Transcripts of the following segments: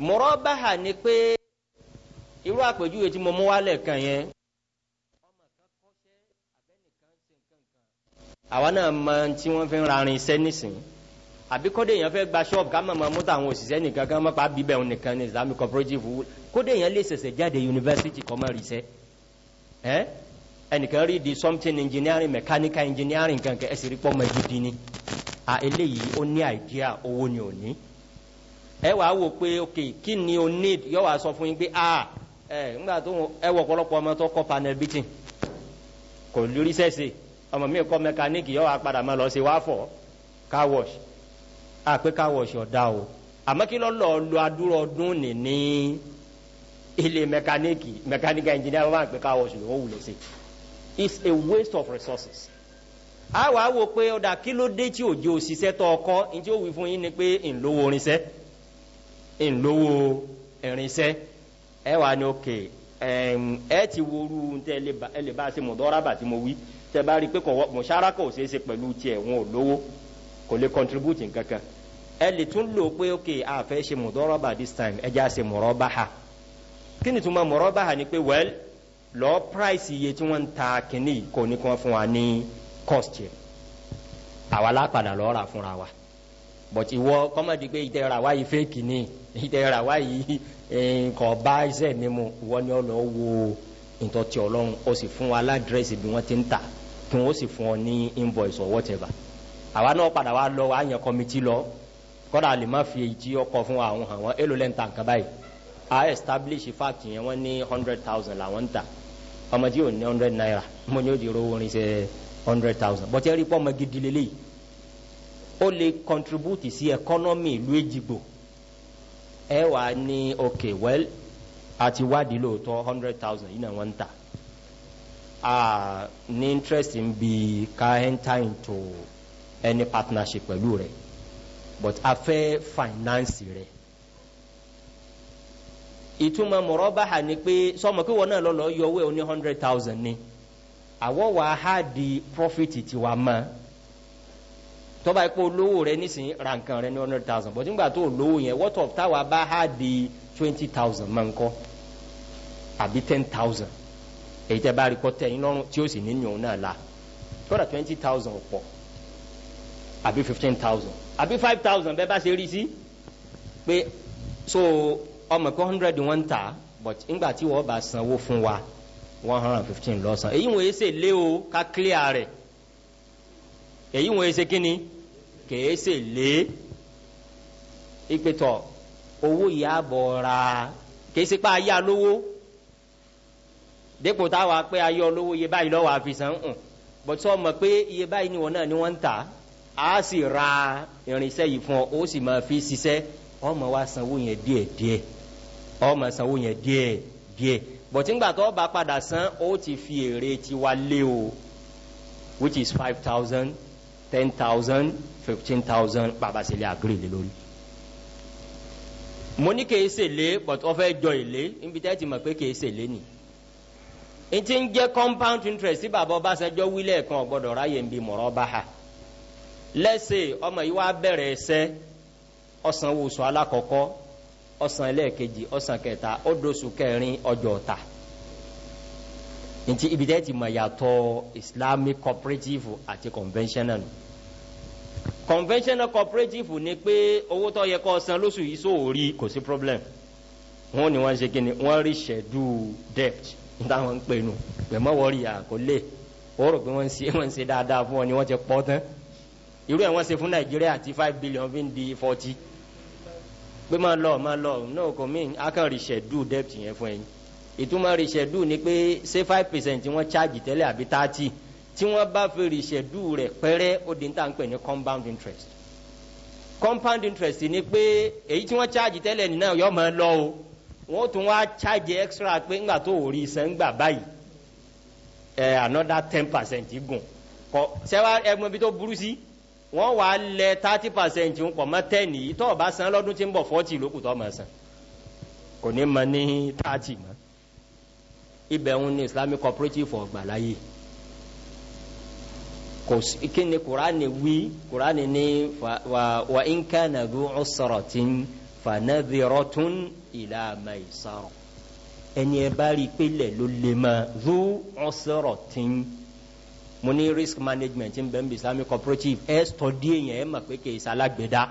mùrọ́bàhà ni pé irú àpèjúwe tí mo mú wálẹ̀ kan yẹn. àwa náà mọ tí wọ́n fi ń rarin iṣẹ́ nísìnyí àbí kódé èèyàn fẹ́ gba ṣọ́ọ̀bù ká mọ̀mọ́ mú tàwọn òṣìṣẹ́ nìkan kan mọ́pá bíbẹ̀ òun nìkan ní islamic cooperative kódé èèyàn lè ṣẹ̀ṣẹ̀ jáde yunifásitì kọ́ mọ́ rìṣẹ́ ẹnìkan rí di something engineering mechanical engineering kankan ẹ̀sìn rí pọ́ mọ́ gidi ni à eléyìí ó ní àìdíà owó ni ò ní. ẹ wàá wò pé ok kí ni o need yọ wàá sọ fún yín pé ah ẹ nígbà tó ẹ wọ ọpọlọpọ ọmọ tó kọ́ panel beating kò lórí sẹ́sẹ̀ ọmọ mi kọ́ mẹkaníìkì yọ wàá padà máa lọ sí wàá fọ̀ car wash àpé car wash ọ̀dà o àmọ́ kí lọ́ lọ lo adúrò ọdún nìní ilé mẹkaníìkì mẹkaníìkì ẹnjìnìá wọn máa ń pè car wash lòún wulẹ̀ sí it's a waste of resources a wàá wò pé ọ̀dà kí ló dé tí òjò òṣìṣẹ́ tó ọkọ́ ní tí ó wí fún yín ni pé ńlọ́wọ́ orinṣẹ́ ńlówó ẹ̀rìnṣẹ́ ẹ wà ní òkè ẹ ti woru tẹ ẹ lè bá a ṣe mọ̀dọ́rábà tí mo wí tẹ bá rí i pé kò mọ̀ṣárákọ̀ ò ṣeé ṣe pẹ̀lú tiẹ̀ wọn ò lówó kò lè contribute nǹkan kan ẹ lè tún lò pé òkè a fẹ́ ṣe mọ̀dọ́rábà this time ẹ jẹ́ a ṣe mọ̀rọ́báhà kí ni túmọ̀ mọ̀rọ́báhà ni pé well lọ price iye tí wọ́n ń ta kínní kò ní kí wọ́n fún wa ní cost yẹn àwa lápadà lọ́ọ́ rà fúnra wa but ìwọ kọ́mọ̀dé pé ìtẹ̀ra wáyé fake ni ìtẹ̀ra wáyé nǹkan bá iṣẹ́ mi mu ìwọ ni ọlọ́ wo nǹkan ti ọlọ́run ó sì fún wa ládírẹ́sì bí wọ́n ti ń tà kí wọ́n sì fún ọ ní invoice or whatever àwa náà padà wá lọ wá yẹn kọ́mìtì lọ kọ́dà lè má fi èyí tí ọkọ̀ fún àwọn àwọn èlò lẹ́ńtà nǹkan báyìí a establish fact yẹn wọ́n ní hundred thousand làwọn ń tà ọmọdé ò ní hundred naira mo ní ó di owó hundred thousand bọ́tẹ́ rí pọ́ ọmọ ó lè contribute sí economy ìlú èjìgbò ẹ wà ok well àti wádìí lóòótọ́ hundred thousand yìí náà wọ́n ń tà ní interest ń bi ká enter into any partnership pẹ̀lú rẹ̀ but a fẹ́ finance rẹ̀ ìtumọ̀ mọ̀rọ̀ bá hà ní pé sọmọ pé wọn náà lọ lọ yọ owó ẹ ní hundred ni àwọ̀ wàá hà di profit tiwa mọ́ tọ́ba ẹ̀ pé olówó rẹ nísìnyí ra nǹkan rẹ ní hundred thousand but nígbà tó olówó yẹn what of táwa bá há di twenty thousand máa ń kọ́ àbí ten thousand èyí tẹ́ bá rí kọ́ tẹ̀yìn lọ́rùn tí ó sì ní yòówù náà la tọ́ra twenty thousand ọ̀pọ̀ àbí fifteen thousand àbí five thousand bẹ́ẹ̀ bá ṣe rí sí pé so ọmọ kọ́ hundred wọ́n ń ta but ńgbà tí wọ́n bá sanwó fún wa one hundred and fifteen lọ́sàn èyí wọ́n ṣe lé o ká clear rẹ̀ èyí wọ́n ṣe kí ni kèése lé ìpètọ̀ owó ìyàbọ̀ ra kèése pa ayé alówó dépò táwa pé ayé olówó iye báyìí lọ́wọ́ àfisàn ń bọ̀ tí wọ́n mọ̀ pé iye báyìí ni wọ́n náà ni wọ́n ń tà á sì ra irinṣẹ́ yìí fún ọ ó sì máa fi ṣiṣẹ́ ọmọ wa sanwó yẹn díẹ̀ díẹ̀ ọmọ sanwó yẹn díẹ̀ díẹ̀ bọ̀ ń gbà tó bá padà san ó ti fi èrè tiwa lé o which is five thousand ten thousand 15,000 bàbá se lè agree lè lórí mo ní kìí lé but ọ fẹ́ jọ èlé níbi tẹ́ ti mọ̀ pé kìí lé nì n ti ń jẹ́ compound interest tí bàbá Ọbásanjọ́ wílẹ̀ kan ọ̀gbọ́dọ̀ ráyè ń bi mọ̀rọ́ bá ha lẹ́sẹ̀ ọmọ yìí wá bẹ̀rẹ̀ ẹsẹ́ ọ̀sán wòsàn alákọ̀ọ́kọ́ ọ̀sán ẹlẹ́ẹ̀kejì ọ̀sán kẹta ọdọ̀sù kẹrin ọjọ́ ọ̀ta nti ibi tẹ́ ti mọ̀ yàtọ̀ Islamic cooperative àti conventional conventional cooperative ni pé owó tó yẹ kó san lóṣù yìí sóòrí kò sí problem wọn ni wọn ṣe kí ni wọn rí ṣẹdú debt nítawọn ń pè nù pẹ̀mọ́ wọ́ọ̀rì àkọlé wọ́n rò pé wọ́n ń ṣe wọ́n ń ṣe dáadáa fún ọ ni wọ́n ti pọ́ tán irú ẹ̀ wọ́n ṣe fún nàìjíríà ti five billion fi ń di forty pé máa lọ máa lọ náà kò mí akàn rí ṣẹdú debt yẹn fún ẹyin ìtumọ̀ rí ṣẹdú ni pé ṣé five percent wọ́n charge tẹ́lẹ̀ àbí thirty tí wọ́n bá fi rìṣẹ̀dú rẹ̀ pẹ́rẹ́ ó di ní tà ń pè ní compound interest compound interest ni pé èyí tí wọ́n charge tẹ́lẹ̀ nínú yọ máa lọ o wọ́n tún wá charge extra pé ńgbà tó ò rí iṣẹ́ ńgbà báyìí ẹ̀ another ten percent gùn kọ sẹ́wá ẹgbẹ́ bí tó burú sí wọ́n wà lẹ thirty percent ń pọ̀ ten yìí tó o bá san lọ́dún tí ń bọ̀ forty lókù tó o máa san kò ní mọ ní thirty mọ́ ibẹ̀ ń ní islamic cooperative ọgbà láyé kò sí kí ni kuraani wí kuraani ni wa wa in kana dhu usratin fanadhiratun ila maisara ẹni ẹ bá rí i pé lẹ̀ ló lè mọ dhu usratin mo ní risk management ń bẹ ń bi islamic cooperative ẹ sọdí èèyàn ẹ mọ̀ pé kì í ṣalágbèdá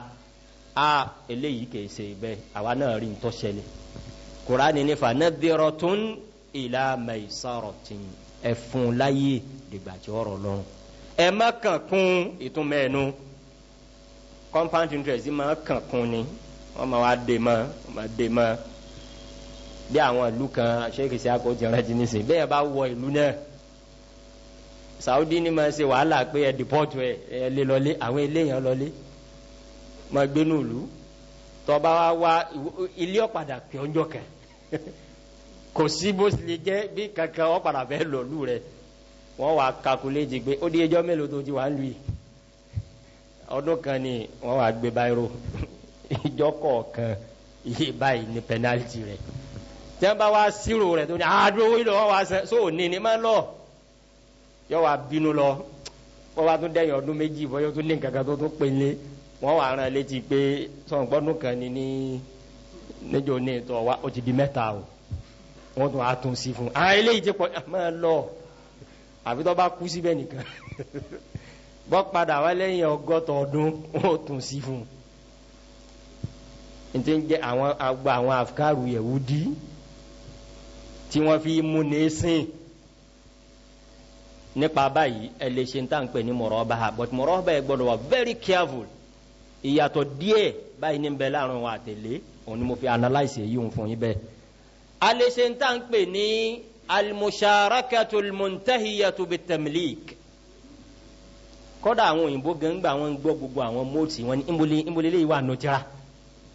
a eléyìí kì í ṣe bẹ́ẹ̀ àwa náà rí n tó ṣẹlẹ̀ kuraani ni fanadhiratun ila maisaratin ẹ fún láyé dìgbà tí ọ̀rọ̀ lọ́rùn ẹ má kàn kún ìtumọ̀ ẹnu compound interest máa kàn kún ni wọ́n máa wá dè mọ́ wọ́n máa dè mọ́ bí àwọn ìlú kan aṣèkè sí àpò jẹrẹ ti ní sè bẹ́ẹ̀ bá wọ ìlú náà Saudi ni máa ṣe wàhálà pé ẹ dìpọ́tù ẹ ẹ lé lọlé àwọn eléyàn lọlé máa gbé ní ìlú tọba wa wá ilé ọ̀padà pé ọjọ́ kan kò sí bó ṣe lè jẹ́ bí kankan ọ̀padà fẹ́ lọ́lù rẹ̀ wọ́n wà kakuléjì gbé ó di ẹjọ́ mélòó tó ti wà lùi ọdún kan ni wọ́n wà gbé báyìí ìjọ kọ̀ọ̀kan iye báyìí ni pẹnálítì rẹ̀ tí wọ́n bá wá sírò rẹ̀ tó ní àádúró ah, ìlọ wọ́n wá sẹ́ so ní ní máa lọ yọ wà bínú lọ wọ́n wá tún dẹ́yìn ọdún méjì bọ́yọ́ tún ní nǹkan kan tó tún pélé wọ́n wà rán létí pé sọ̀gbọ́dún kan ni ní níjọ́ ní ìtọ̀ wa ó ti di mẹ́ta o wọ́n tún á tún sí fún un àìlè ìjẹ́pọ̀ máa lọ àfi tó bá kú síbẹ̀ nìkan bọ́ padà wá lẹ́yìn ọgọ́ta ọdún ó tún sí fún un nítorí jẹ́ àwọn agba àwọn afikaru yẹ̀wúdí tí wọ́n fi mú ní sìn nípa báyìí ẹ lè ṣe ń tà ń pè ní mọ̀rọ́bà but mọ̀rọ́bà ẹ gbọ́dọ̀ wà very careful ìyàtọ̀ díẹ̀ báyìí ní bẹ láàrin wọn àtẹ̀lé òun ni mo fi analyse èyí òun fún yín bẹ́ẹ̀ a lè ṣe ń tà ní. المشاركة المنتهية بالتمليك kọ́dà àwọn òyìnbó gangba wọn gbọ́ gbogbo àwọn mọ́ọ̀tì wọn ni ìmúlẹ̀ ìmúlẹ̀ ilé ìwà nùtìrà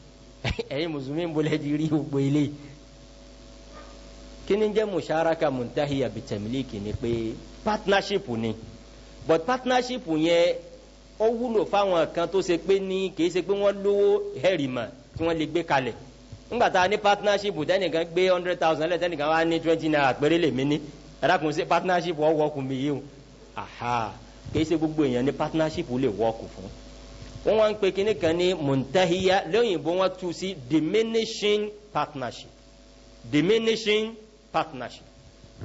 ẹ̀yin mùsùlùmí ìmúlẹ̀ ti rí gbogbo ilé kí ni jẹ́ ni pe partnership ni but partnership yẹn ó wúlò fáwọn kan tó ṣe pé ní kì í ṣe pé wọ́n lówó hẹ́rìmà tí wọ́n lè gbé kalẹ̀ ńgbà tá a ní partnership tẹnìkan gbé hundred thousand lẹ́tẹ̀ nìkan wá ní twenty naira péré lè mí ní ẹ̀rá kùn sí partnership wọ́n wọ́ọ̀kù mi yìí o aha kìí ṣe gbogbo èèyàn ní partnership lè wọ́ọ̀kù fún wọ́n wá ń pe kinní kan ní montahiya lóyìnbó wọ́n tu sí diminishing partnership diminishing partnership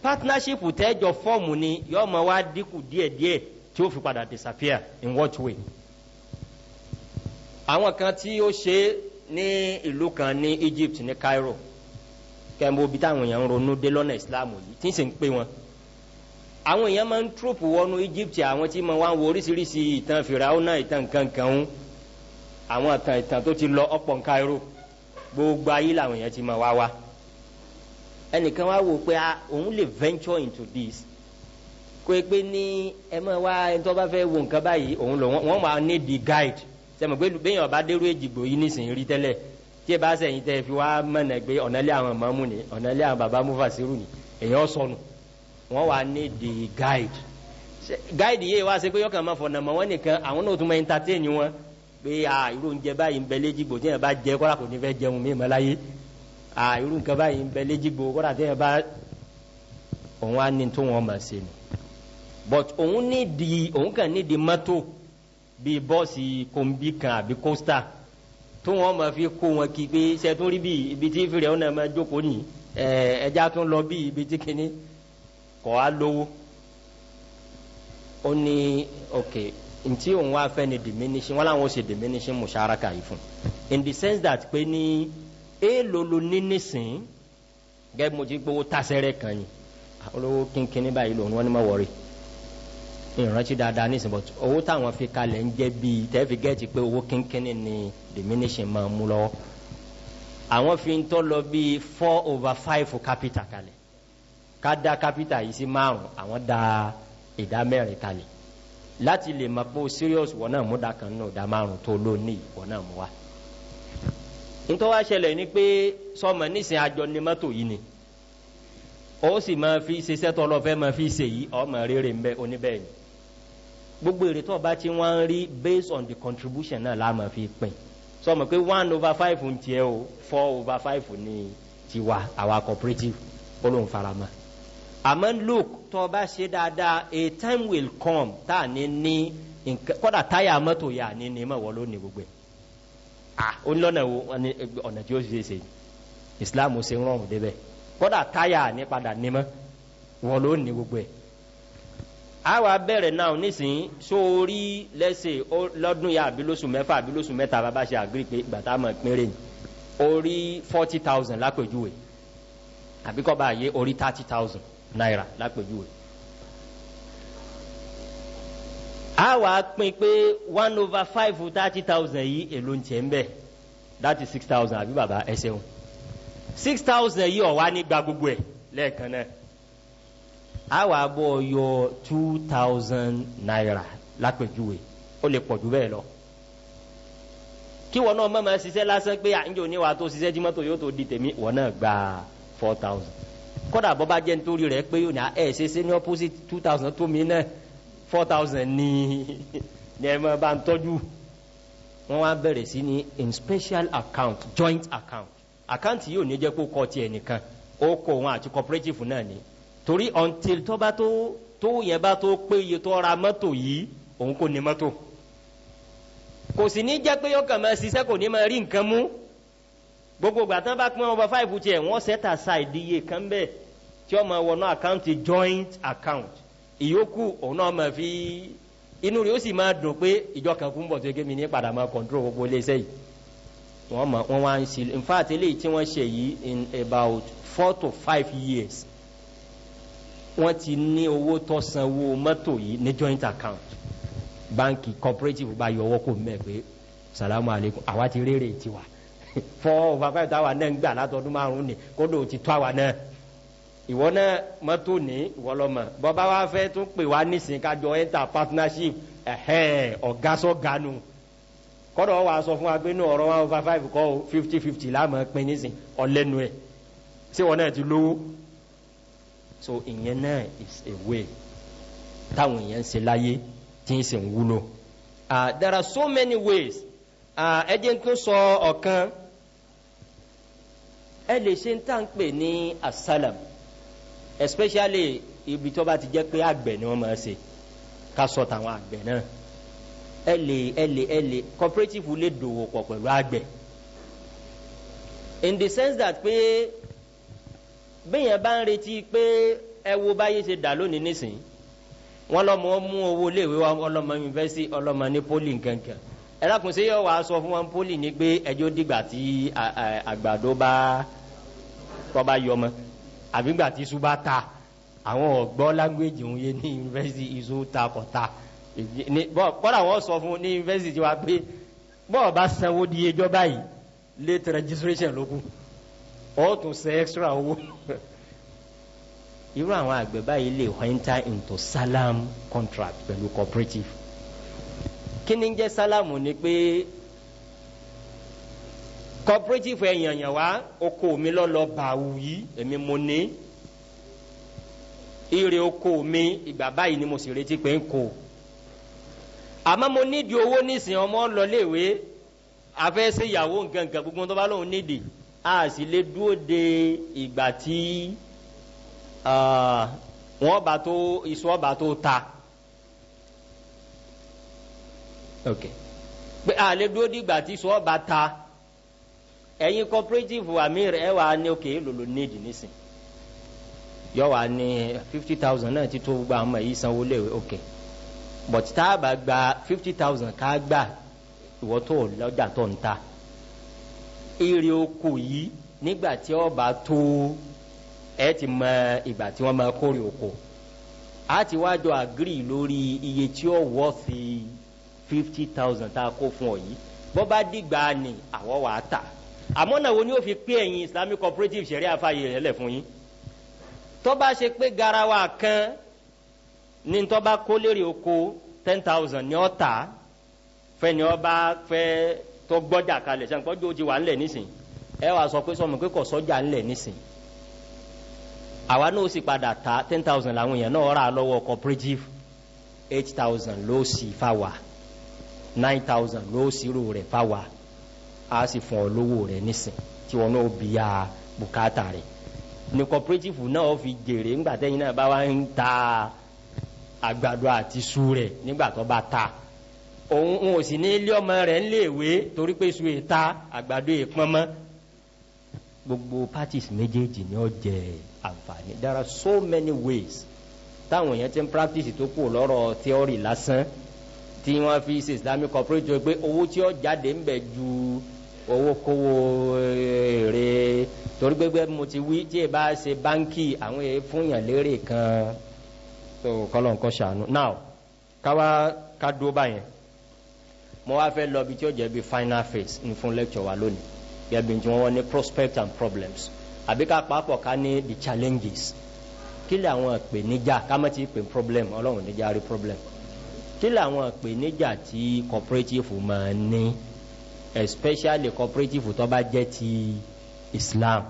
partnership tẹ́jọ fọ́ọ̀mù ni yọ́ọ́ mọ wá dínkù díẹ̀díẹ̀ tí ó fi padà disappear in what way àwọn kan tí ó ṣe é ní ìlú kan ní egypt ní cairo kẹ́ńbó bí táwọn èèyàn ń ronú dé lọ́nà islam yìí tí ń sì ń pè wọn àwọn èèyàn máa ń trúpù wọnú egypt àwọn tí mo wá ń wo oríṣiríṣi ìtàn fìràwọ́nà ìtàn kankan ń àwọn ìtàn ìtàn tó ti lọ ọ̀pọ̀ ní cairo gbogbo ayé làwọn èèyàn ti máa wá wá ẹnìkan wá wò pé ah, òun lè venture into this kó e pé ní ẹ máa wá ẹni tó bá fẹ́ wo nǹkan báyìí òun lò wọ́n máa need the guide sẹ́mi pé bẹ́yìn ọba dérú èjìgbò yìí nísìnyí rí tẹ́lẹ̀ tí ẹ bá sẹ́yìn tẹ́ fi wá mọ̀nà pé ọ̀nàlẹ́ àwọn mọ́mú ni ọ̀nàlẹ́ àwọn bàbá mufasiru ni èyàn sọnù wọ́n wà ní the guide guide yìí wá sí pé yọkàn máa fọ̀nà mọ́ wọn nìkan àwọn náà tún máa entertain wọn pé irú oúnjẹ báyìí ń bẹ léjìgbò tí ẹ bá jẹ kọ́ra kò ní fẹ́ jẹun mí mọ́ láyé irú nǹkan báyìí ń bẹ léjìgbò kọ́ra tí ẹ bá òun á ní tó wọn mọ̀ sí ni but òun ní di òun kàn ní di mọ́tò bíi bọ́ọ̀sì kòǹbí kan àbí kóstà tó wọn máa fi kó wọn kí pé sẹ́tún rí bíi ibi tí fìrẹ̀ ọ̀nà máa jókòó nì ẹja tún lọ bíi ibi tí kìíní kọ́ á lówó. ó ní ok ntí òun wá fẹ́ ni diminishing wọn làwọn ò sì diminishing musharaka yìí fún in the sense that pé ní èèlò ló ní nísìn gẹ́gẹ́ bí mo ti gbowó tásẹ̀rẹ̀ kan yìí olówó kínkínní báyìí lòun wọn ni mo wọ̀rí ìrántí dáadáa ní ìsìnbọ̀ owó táwọn fi kalẹ̀ ń jẹ́ bíi tẹ́ẹ̀fì gẹ́ẹ̀tì pé owó kínkínní ni diminishing máa mú lọ́wọ́ àwọn fi ń tọ́ lọ bíi four over five capital kalẹ̀ ká dá capital yìí sí márùn àwọn dá ìdá mẹ́rin kalẹ̀ láti lè mọ̀ pé serious wọ́n náà mú dákan náà dá márùn tó lónìí wọ́n náà mú wa nítorí ṣẹlẹ̀ ni pé sọmọ nísìnyí àjọ ni mọ́tò yìí ni ó sì máa fi ṣiṣẹ́ tọ́lọ́ máa fi ṣèyí ọmọ rere ń bẹ oníbẹ̀ẹ́ni gbogbo èrè tó bá ti wọ́n ń rí based on the contribution náà la máa fi pín sọ ma pé one over five ń tiẹ̀ o four over five ní tiwa our cooperative ó ló ń farama àmọ́ look tó bá ṣe dáadáa a time will come tá a ní ní kọ́dà táyà mọ́tò yà ní ní mọ̀ wọ́n ló ní gbogbo ẹ̀ ah ó ń lọ́nà wo ọ̀nà tí ó ṣe ṣe Islam ṣe ń rọrùn débẹ̀ kọ́dà táyà ní padà ní mọ́ wọ́n ló ní gbogbo ẹ̀ a wà bẹ̀rẹ̀ náà nísìnyí sórí lẹ́sẹ̀ lọ́dún yà àbí lóṣù mẹ́fà àbí lóṣù mẹ́ta bàbá ṣe àgírí pé bàtà mọ̀ péré ni orí forty thousand lápèjúwe àbí kọ́ bá yé orí thirty thousand naira lápèjúwe. a wà pín pé one over five thirty thousand yìí èlò ń tiẹ̀ that is six thousand àbí bàbá ẹ ṣeun six thousand yìí ọ̀wá ní gba gbogbo ẹ̀ lẹ́ẹ̀kan náà. àwa bọ̀ yọ two thousand naira lápẹ̀júwe ó lè pọ̀ jù bẹ́ẹ̀ lọ kí wọn náà mọ̀mọ́ ṣiṣẹ́ lásán pé àǹjẹ́ òní wa tó ṣiṣẹ́ jí mọ́tò yóò tó di tèmi wọn náà gba four thousand kódà bọ́ bá jẹ́ nítorí rẹ̀ pé yóò ní ẹ̀ ṣe ṣe ní opposite two thousand tó mi náà four thousand ní ní ẹ̀ máa bá ń tọ́jú wọ́n wá bẹ̀rẹ̀ sí ní in special account joint account account yìí ò ní jẹ́ kó kọ́ tiẹ̀ nìkan ó kó òun àti cooperative náà ni. torí until tó bá tó tó yẹn bá tó pé iye tó ra mọ́tò yìí òun kò ní mọ́tò kò sì ní jẹ́ pé yọkàn máa ṣiṣẹ́ kò ní máa rí nǹkan mú gbogbo ìgbà tán bá pín ọba five tiẹ̀ wọ́n set aside iye kan bẹ́ẹ̀ tí ó máa wọnú àkáǹtì joint account ìyókù òun náà máa fi inú rẹ̀ ó sì máa dùn pé ìjọ kan kún bọ̀ tó gé mi ní padà máa control gbogbo iléeṣẹ́ yìí wọ́n máa wọ́n wá ń ṣe in fact eléyìí tí wọ́n ṣe yìí in about four to five years wọ́n ti ní owó tó sanwó mọ́tò yìí ní joint account báńkì cooperative bá yọ ọwọ́ kò mẹ́ pé salamu alaikum àwa ti rere tiwa fọ́ òfàfẹ́ táwa náà ń gbà látọdún márùn-ún ni kódò ti tó àwa náà ìwọ náà mọ́tò ní ìwọ lọ́mọ bọ́bá wa fẹ́ tún pè wá nísìnyí kájọ enter partnership ọ̀gá sọ́ganu kọ́dọ̀ wa sọ fún wa pé ní ọ̀rọ̀ one over five kọ́ fifty fifty láàmú pin nísìnyí ọ̀lẹ́nu ẹ̀ sí wọn náà ti lówó so ìyẹn náà is a way táwọn èèyàn ń ṣe láyé tí ń sì ń wúlò. there are so many ways ẹ jẹ́ n tún sọ ọ̀kan ẹ lè ṣe ń tà ń pè ní asalam especially ibi tó bá ti jẹ́ pé àgbẹ̀ ni wọ́n máa ṣe ká sọ tàwọn àgbẹ̀ náà ẹ lè ẹ lè ẹ lè cooperative lè dòwò pọ̀ pẹ̀lú àgbẹ̀ in the sense that pé bẹ́yẹn bá ń retí pé ẹ wo báyé ṣe dà lónìí nísìnyí wọn lọmọ mú owó léèwé wa ọlọmọ yunifásitì ọlọmọ ní poli nkankan ẹ lákùn sí yọ wàá sọ fún wọn poli ní pé ẹjọ dìgbà tí àgbàdo bá tọba yọmọ àbígbà tí iṣu bá ta àwọn ọgbọ lágbèjì òun yé ní yunifásitì iṣu ta kọ ta bọ́dà wọn sọ fún ní yunifásitì wa pé bọ́ọ̀ bá sanwó di ẹjọ́ báyìí late registration ló ó tún ṣe extra owó irú àwọn àgbẹ̀ báyìí lè enter into salam contract pẹ̀lú cooperative kí ni jẹ́ salam ni pé cooperative ẹ̀yànyàn wá oko mi lọ́lọ́ bàwù yìí èmi mo ní ire oko mi ìgbà báyìí ni mo sì retí pé ń kó àmọ́ mo nídìí owó nísìnyí ọmọ lọléèwé afẹ́ ṣe ìyàwó nǹkan nǹkan gbogbo tó bá lóun nídìí a sì lè dúró de ìgbà tí wọ́n bá tó iṣu ọba tó ta okay pé a lè dúró de ìgbà tí iṣu ọba ta ẹ̀yin cooperative amir ẹ̀ wà ní òkè lòlò nídìí nísìn yọ wà ní fifty thousand náà ti tó gbogbo àwọn ọmọ yìí sanwó léwe òkè but tá a bá gba fifty thousand ká gbà ìwọ́ tó lọ́jà tó ń ta. Okay èrè oko yìí nígbà tí ọba tó ẹ ti mọ ìgbà tí wọ́n máa kórè oko a ti wá jọ àgírì lórí iye tí ó wọ́ sí fifty thousand tá a kó fún ọ yìí bọ́ bá dìgbà ni àwọ̀ wàá tà àmọ́ náà wo ni ó fi pé ẹ̀yin islamic cooperative ṣẹ̀rí àfààyè rẹ̀ lẹ̀ fún yín tọ́ba ṣe pé garawa kan ní tọ́ba kó lérè oko ten thousand ni ọ ta fẹ́ni ọba fẹ́ tó gbọ́jà kalẹ̀ sẹ́yìn pọ́jú ojì wà ńlẹ̀ nísìn ẹ wàá sọ pé sọmọ pé kò sọ́jà ńlẹ̀ nísìn àwa náà sì padà ta ten thousand làwọn èèyàn náà rà lọ́wọ́ cooperative eight thousand ló sì fáwa nine thousand ló sírò rẹ̀ fáwa a sì fún ọ lówó rẹ̀ nísìn tí wọn náà bí a bùkátà rẹ̀ ní cooperative náà fi jèrè ńgbà tẹ́yìn náà bá wá ń ta àgbàdo àti sú rẹ̀ nígbà tó bá ta òun ò sì ní ilé ọmọ rẹ̀ ńléèwé torí pé sùn ìta àgbàdo ìpọn mọ́ gbogbo parties méjèèjì ni ó jẹ àǹfààní there are so many ways táwọn èèyàn ti ń practice tó kù lọ́rọ̀ theory lásán tí wọ́n fi ṣe islamic cooperative pé owó tí ó jáde ń bẹ̀ ju owó kówó èrè eh, torí gbégbé mo ti wí tí ì bá ṣe báńkì àwọn èèyàn fún yàn lérè kan tó kọ́lọ̀ ń ṣàánú now káwá ká dúró báyẹn mo wá fẹ́ lọ bí tí ó jẹ́ bí final phase ní fún lecture wa lónìí gẹ́gẹ́ bí tí wọ́n ní prospect and problems àbí ká pàápọ̀ ká ní the challenges kí lè àwọn ìpèníjà ká má ti pè problem ọlọ́run níjà rí problem kí lè àwọn ìpèníjà tí cooperative máa ní especially cooperative tó bá jẹ́ ti Islam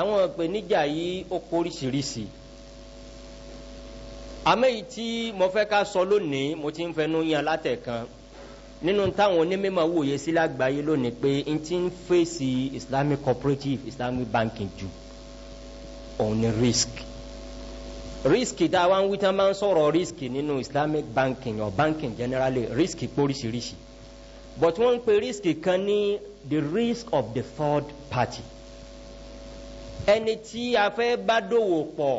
àwọn ìpèníjà yìí ó kóríṣiríṣi àmẹ́yìí tí mo fẹ́ ká sọ lónìí mo ti ń fẹnu yan látẹ̀kan nínú táwọn onímọ̀ wòye sí lágbàáyé lónìí pé n ti ń fèsì islamic cooperative islamic banking jù òun ni risk risk tá a wá ń wí tán máa ń sọ̀rọ̀ risk nínú islamic banking or banking generally risk póríṣiríṣi but wọ́n ń pe risk kan ní the risk of the third party ẹni tí a fẹ́ bá dòwò pọ̀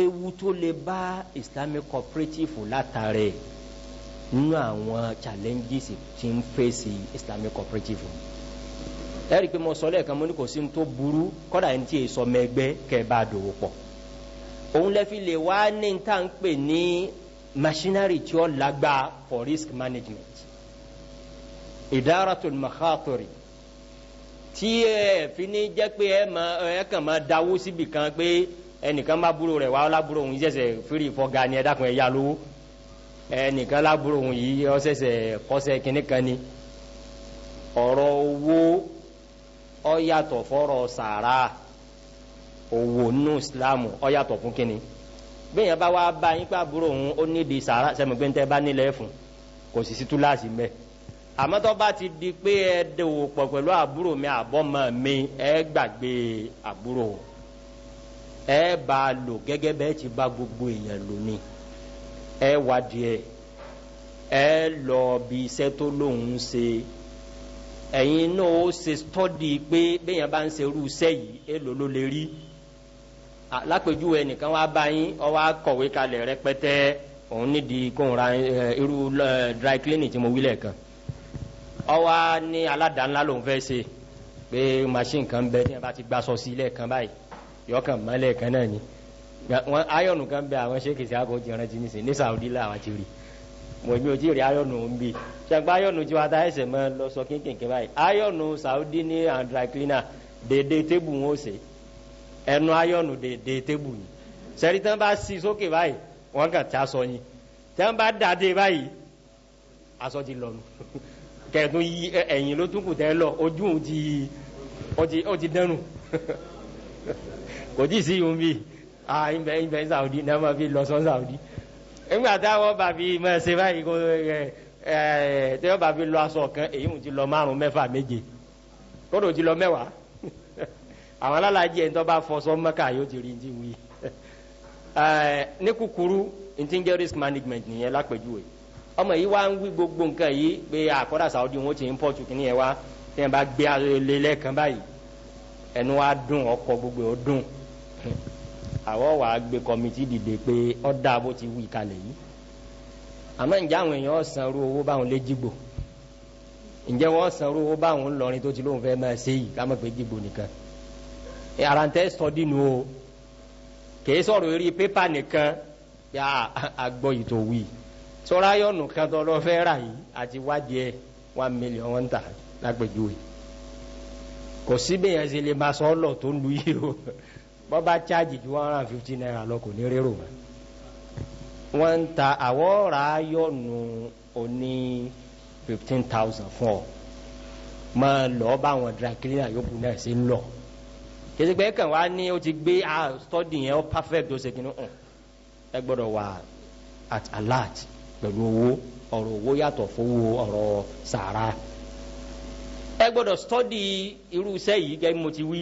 ewu tó lè bá islamic cooperative látàrí nínú àwọn challenges tí ń fèsì islamic cooperative ẹ̀rí pé mo sọ lẹ́ẹ̀kan mo ní kò sí ní tó burú kọ́dà ní tí èyí sọ mẹ́gbẹ́ kẹ́ bá dòwò pọ̀ òun lẹ́fi lè wá ní ta ń pè ní machinery tí ó lágbá for risk management idaratul makhatiri tí ẹ fi ní jẹ́ pé ẹ kàn máa dáwó síbi kan pé ẹnìkan bá búrò rẹ̀ wá lábúrò òun ṣẹ̀ṣẹ̀ fírì fọ́gà ni ẹ̀dá kan ẹ̀yà lówó ẹnìkan lábúrò òun yìí ọ̀ṣẹ̀ṣẹ̀ kọ́ṣẹ́ kínní kan ni ọ̀rọ̀ owó ọ̀yàtọ̀ fọ́rọ̀ sàrà owó nù ìsìlámù ọ̀yàtọ̀ fún kínní bẹ́ẹ̀ yẹn bá wá bá yín pa buro òun ó níbi sàrà sẹ́mi pé ń tẹ́ bá nílẹ̀ fún kò sì sí túláàsì mẹ́ẹ̀ àmọ́tọ́ ti di pé ẹ dòwò pọ̀ pẹ̀lú àbúrò mi àbọ́mọ mi ẹ aburo. àbúrò ẹ bá a lò gẹ́gẹ́ bẹ́ẹ̀ ti bá gbogbo èèyàn lò ẹ ẹ ẹ lọ bí iṣẹ́ tó lóun ṣe ẹ̀yin náà ó ṣe stọ́dì pé béèyàn bá ń ṣe irú iṣẹ́ yìí èlò ló lè rí lápèjúwe ẹnìkan wá bá yín ọ kalẹ̀ rẹpẹtẹ òun dry cleaning tí mo wí lẹ́ẹ̀kan ní aládàá ńlá lòun fẹ́ ṣe pé machine kan bẹ tí wọn bá ti gbàsọ sí kan báyìí yọkàn mọ́lẹ̀ kan náà ni wọn ayọ̀nù kan bẹ àwọn ṣé kìsì àgọ́ ti rántí nísìn ní Saudi làwọn ti rí mo mi ò tí ì rí ayọ̀nù ń bì ṣàgbọ́n ayọ̀nù tí wàá ta ẹsẹ̀ mọ́ lọ sọ kínkìnkì báyìí ayọ̀nù Saudi ní andra cleaner dèdè tébù wọn ò sè ẹnu ayọ̀nù dèdè tébù yìí sẹ́rí tán bá sí sókè báyìí wọ́n kàn ta sọ yín tán bá dàdé báyìí aṣọ ti lọ nù kẹ̀tún yí ẹ̀yìn ló tún kù tẹ́ lọ ojú òun ti ó ti dẹnu. kò tí ì sí yòó bí ah ibẹ̀ ibẹ̀ saudi náà máa fi lọ sọ saudi nígbà táwọn bàbí mọ̀ ṣe báyìí kó ẹ tí wọ́n bàbí lọ aṣọ kan èyí ń ti lọ márùn mẹ́fà méje kódò ti lọ mẹ́wàá àwọn alálàájì ẹni tó bá fọṣọ mẹ́ka yóò ti rí ti wí ní kúkúrú ntí risk management nìyẹn lápẹ̀jùwe ọmọ yìí wá ń wí gbogbo nǹkan yìí pé àkọ́dà saudi wọn ti ń pọ̀ tù kí ni wá tí wọn bá gbé alẹ́ lẹ́ẹ̀kan báyìí ẹnu wa dùn ọkọ̀ gbogbo ọ àwọn wàá gbé kọmitì dìde pé ọ̀dà bó ti wí kalẹ̀ yìí àmọ́ ǹjẹ́ àwọn èèyàn sanrú owó báwọn lé jígbò ǹjẹ́ wọ́n sanrú owó báwọn lọrin tó ti lóun fẹ́ máa ṣe yìí kámọ́ pé jígbò nìkan ara ń tẹ́ sọ dínú o kìí sọ̀rọ̀ eré pépà nìkan yà àgbọ̀ yìí tó wí sọ́ra yọ̀nù kan tó lọ fẹ́ rà yìí àti wádìí ẹ̀ one million one ta lágbèjúwe kò síbẹ̀ yẹn ṣe lè máa sọ ọ́ lọ tó ń lu yìí o bọ́ bá chájì ju one naira lọ kò ní rérò mọ́ wọ́n ń ta àwọ̀ ra yọ̀nù oní fifteen thousand fún ọ máa lọ bá àwọn dry cleaner yòókù náà ṣe ń lọ kìsìgbẹ́ kàn wá ní o ti gbé a study yẹn ó perfect ó ṣe kìnnìún ẹ gbọ́dọ̀ wà at alert pẹ̀lú owó ọ̀rọ̀ owó yàtọ̀ fowó ọ̀rọ̀ sàrà ẹ gbọ́dọ̀ study irú iṣẹ́ yìí gẹ́gẹ́ mo ti wí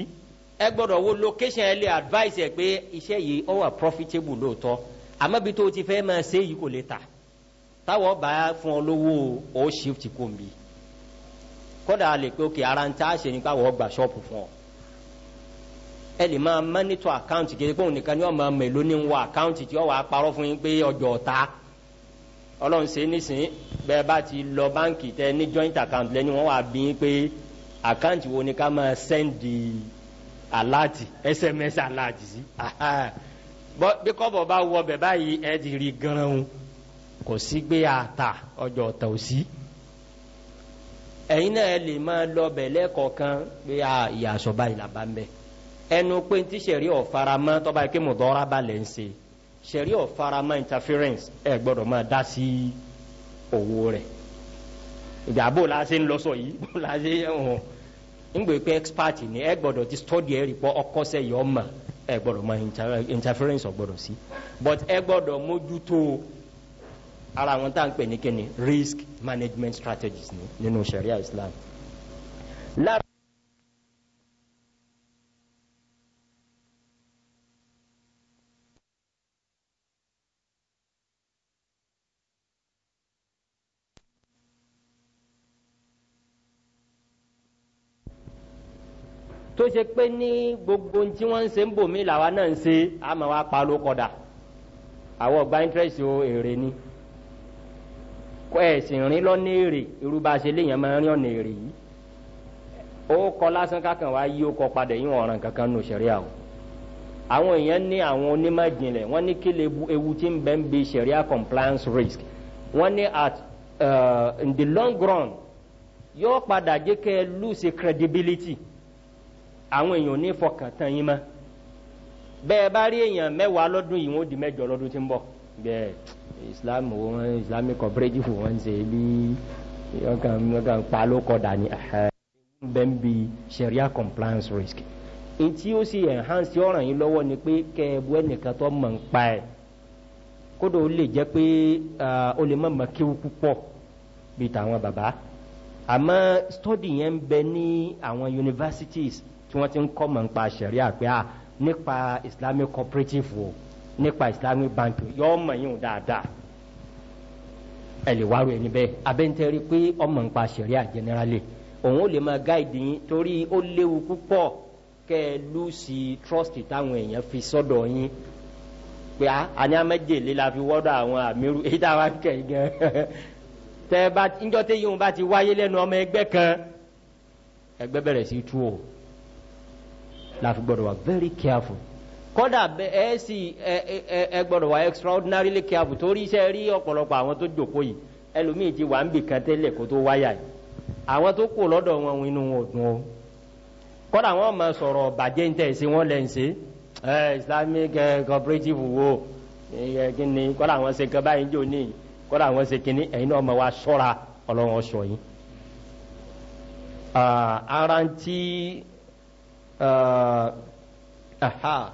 ẹ gbọ́dọ̀ wo location ẹ lè advice ẹ pé iṣẹ́ yìí ó wà profitable lóòótọ́ àmọ́ bí tó o ti fẹ́ máa ṣe yìí kò lè tà táwọn bá fún ọ lówó ó shift kò ń bi kódà lè pé òkè ara ń tá a ṣe nípa wọ́n gba ṣọ́ọ̀pù fún ọ ẹ lè máa monitor account kí ẹgbẹ́ òun nìkan ni wọ́n máa mẹ̀ lónìí ń wọ account tí wọ́n wàá parọ́ fún yín pé ọjọ́ ọ̀tá ọlọ́run ṣe nísìn bẹ́ẹ̀ bá ti lọ báǹkì tẹ ní joint account lẹ́ni wọ́n wàá bí yín pé account wo ni ká máa send the aláàtì sms aláàtì sí bí kọ́bọ̀ bá wọ bẹ̀ báyìí ẹ ti rí gan-an kò sí gbé ata ọjọ́ ọ̀tọ̀ sí ẹ̀yin náà lè máa lọ bẹ̀ lẹ́kọ̀ọ̀kan pé ìyá aṣọ báyìí là bá ń bẹ̀ ẹnu pé tí sẹ̀rí ọ̀faramọ́ tọ́ba yìí kí mo dọ́ra balẹ̀ ń ṣe sẹ̀rí ọ̀faramọ́ interference ẹ gbọ́dọ̀ máa dá sí owó rẹ̀ ìgbà bó la ṣe ń lọ yìí bó la ṣe ń hàn ńgbè pé expert ni ẹ gbọ́dọ̀ ti study ẹ rí pọ́ ọkọ́sẹ́ yọ ọmọ ẹ gbọ́dọ̀ mọ interference ọgbọ́dọ̀ sí but ẹ gbọ́dọ̀ mójútó ara wọn tá à ń pè ní kíni risk management strategies ni nínú sharia islam. lára ṣe pé ní gbogbo tí wọ́n ń ṣe ń bòmí làwa náà ń ṣe àmọ́ wa pa ló kọ̀dà àwọn ọgbà interest o èrè ni kọ ẹ̀sìn rìn lọ́nà èrè irú bá a ṣe léèyàn máa rìn ọ̀nà èrè yìí ó kọ lásán kákan wá yí ó kọ padà yín ọ̀ràn kankan nù sẹ̀ríà o àwọn èèyàn ní àwọn onímọ̀ wọ́n ní kí lè ewu tí ń bẹ ń bi sẹ̀ríà compliance risk wọ́n ní at uh, in the long run yóò padà jẹ́ kẹ́ lose credibility àwọn èèyàn ò ní fọkàn tán yín mọ́ bẹ́ẹ̀ bá rí èèyàn mẹ́wàá lọ́dún yìí wọ́n di mẹ́jọ lọ́dún tí ń bọ̀ bẹ́ẹ̀ islam wo wọn islamic cooperative wọn ń ṣe bí wọn kàn wọn dání bẹ́ẹ̀ bí sharia compliance risk ntí ó sì enhance ọ̀ràn yín lọ́wọ́ ni pé kẹ́ ẹ bu ẹnìkan tó mọ̀ ń pa ẹ̀ kódò ó lè jẹ́ pé ó lè má mọ̀ kéwú púpọ̀ bíi tàwọn bàbá àmọ́ study yẹn ń bẹ ní àwọn universities wọ́n ti ń kọ́ mọ̀ nípa sẹ̀ríà pé à ah, nípa islamic cooperative o nípa islamic bank yọ ọmọ yìí ń dáadáa ẹ lè wá ru ẹni bẹ́ẹ̀ abẹ́ntẹ́rí pé ọmọ nípa sẹ̀ríà generally òun ò lè máa gáìdì yín torí ó léwu púpọ̀ kẹ́ ẹ lùsì trust táwọn èèyàn fi sọ́dọ̀ yín pé ah, a ní amẹ́jèlé la fi wọ́dọ̀ àwọn àmírù èyí tá a wá kẹ̀ gan tẹ́ bá níjọ́ tẹ́yìn òun bá ti wáyé lẹ́nu ọmọ ẹgbẹ́ kan ẹgbẹ́ bẹ̀rẹ̀ sí tú o láfi gbọ́dọ̀ wà very careful kọ́dà ẹ sì ẹ gbọ́dọ̀ wà extraordinarily careful torí iṣẹ́ rí ọ̀pọ̀lọpọ̀ àwọn tó jòkó yìí ẹlòmíì ti wà ń bì kan tẹ́lẹ̀ kó tó wáyà yìí àwọn tó kù lọ́dọ̀ wọn inú wọn dùn o kọ́dà wọn mọ sọ̀rọ̀ bàjẹ́ ń tẹ̀ sí wọn lẹ́ ń ṣe islamic cooperative wo kíni kọ́dà wọn ṣe kan báyìí jò ní kọ́dà wọn ṣe kíní ẹ̀yin náà mọ wa ṣọ́ra ọlọ́run ọ̀ṣọ́ yìí. أحا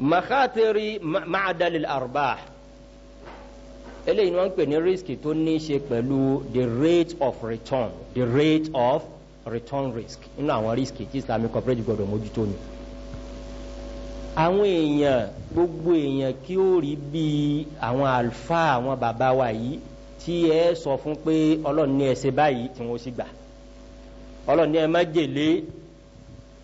مخاطر معدل الأرباح eléyìí ni wọ́n ń pè ní risk the rate of return the rate of return risk nínú àwọn ريسكي tí islamic cooperative gbọdọ̀ mójútó ni. àwọn èèyàn gbogbo èèyàn kí ó rí bí àwọn àlùfáà àwọn bàbá wa yìí tí ẹ sọ fún pé ọlọ́run ní báyìí tí wọ́n sì gbà ọlọ́run ẹ má jèlé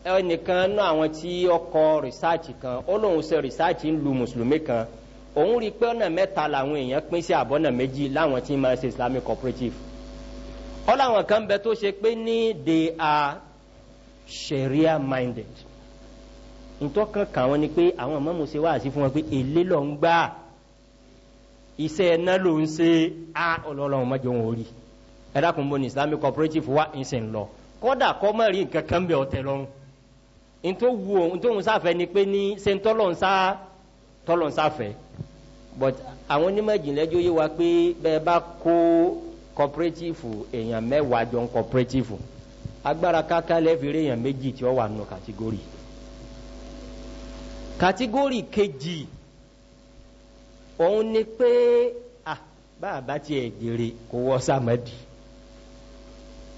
ẹnìkan náà àwọn tí ọkọ rìsáàcì kan ó lóun ṣe rìsáàcì ń lu mùsùlùmí kan òun rí i pé ọ̀nà mẹ́ta làwọn èèyàn pín sí àbọ̀nà méjì láwọn tí máa ṣe islamic cooperative ó láwọn kan bẹ tó ṣe pé ní they are sharia minded ntọ́kàn kàn wọ́n ni pé àwọn mọ́mú ṣe wáàsí fún wọn pé èlé lọ ń gbà iṣẹ́ ẹ̀ná ló ń ṣe á ọlọ́run mọ́jọ wọn orí ẹ̀dá kùnbọ̀n islamic cooperative wà ń sìn lọ kọ́dà kọ́ mọ́ rí nǹkan ọ̀tẹ̀ lọ́rùn ntó wu òun tó ń sáfẹ́ ni pé ní ṣe ń tọ́lọ̀ ń sá tọ́lọ̀ ń sáfẹ́ but àwọn onímọ̀ ìjìnlẹ́jọ́ yé wa pé bẹ́ẹ̀ bá kó cooperative èèyàn mẹ́wàá jọ ń cooperative agbára káká lẹ́fìrí èèyàn méjì tí ó wà nù kàtígórì kàtígórì kejì òun ni pé ah bàbá tiẹ̀ jèrè kó wọ́ sàmọ́dì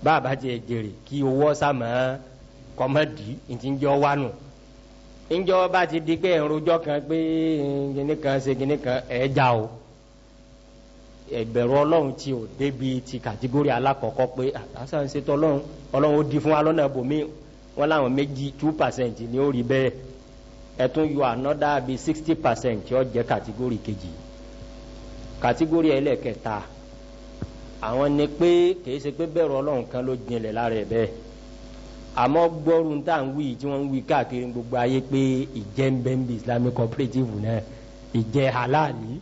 bàbá tiẹ̀ jèrè kí owó sàmọ́dì kọ́mọ́dì ntí ń jọ wánu ńjọ bá ti di pé ìrújọ kan pé gíní kan ṣe gíní kan ẹ̀ẹ́dà o ẹ̀bẹ̀rù ọlọ́run tí o débi ti kàtígórì alákọ̀ọ́kọ́ pé àtàṣà ń ṣètò ọlọ́run ọlọ́run ó di fún wa lọ́nà ìbòmí wọn láwọn méjì two percent ni ó rí bẹ́ẹ̀ ẹ̀tún yọ ànọ́dá bí sixty percent tí ó jẹ́ kàtígórì kejì kàtígórì ẹlẹ́kẹta àwọn ni pé kì ṣe pé bẹ̀rù ọlọ́run kan ló jinlẹ̀ lára ẹ̀ bẹ́ẹ̀ àmọ́ gbọ́rùn tá à ń wí tí wọ́n ń wí káàkiri gbogbo ayé pé ìjẹ́ ń bẹ́ ń bi islamic cooperative náà ìjẹ́ halali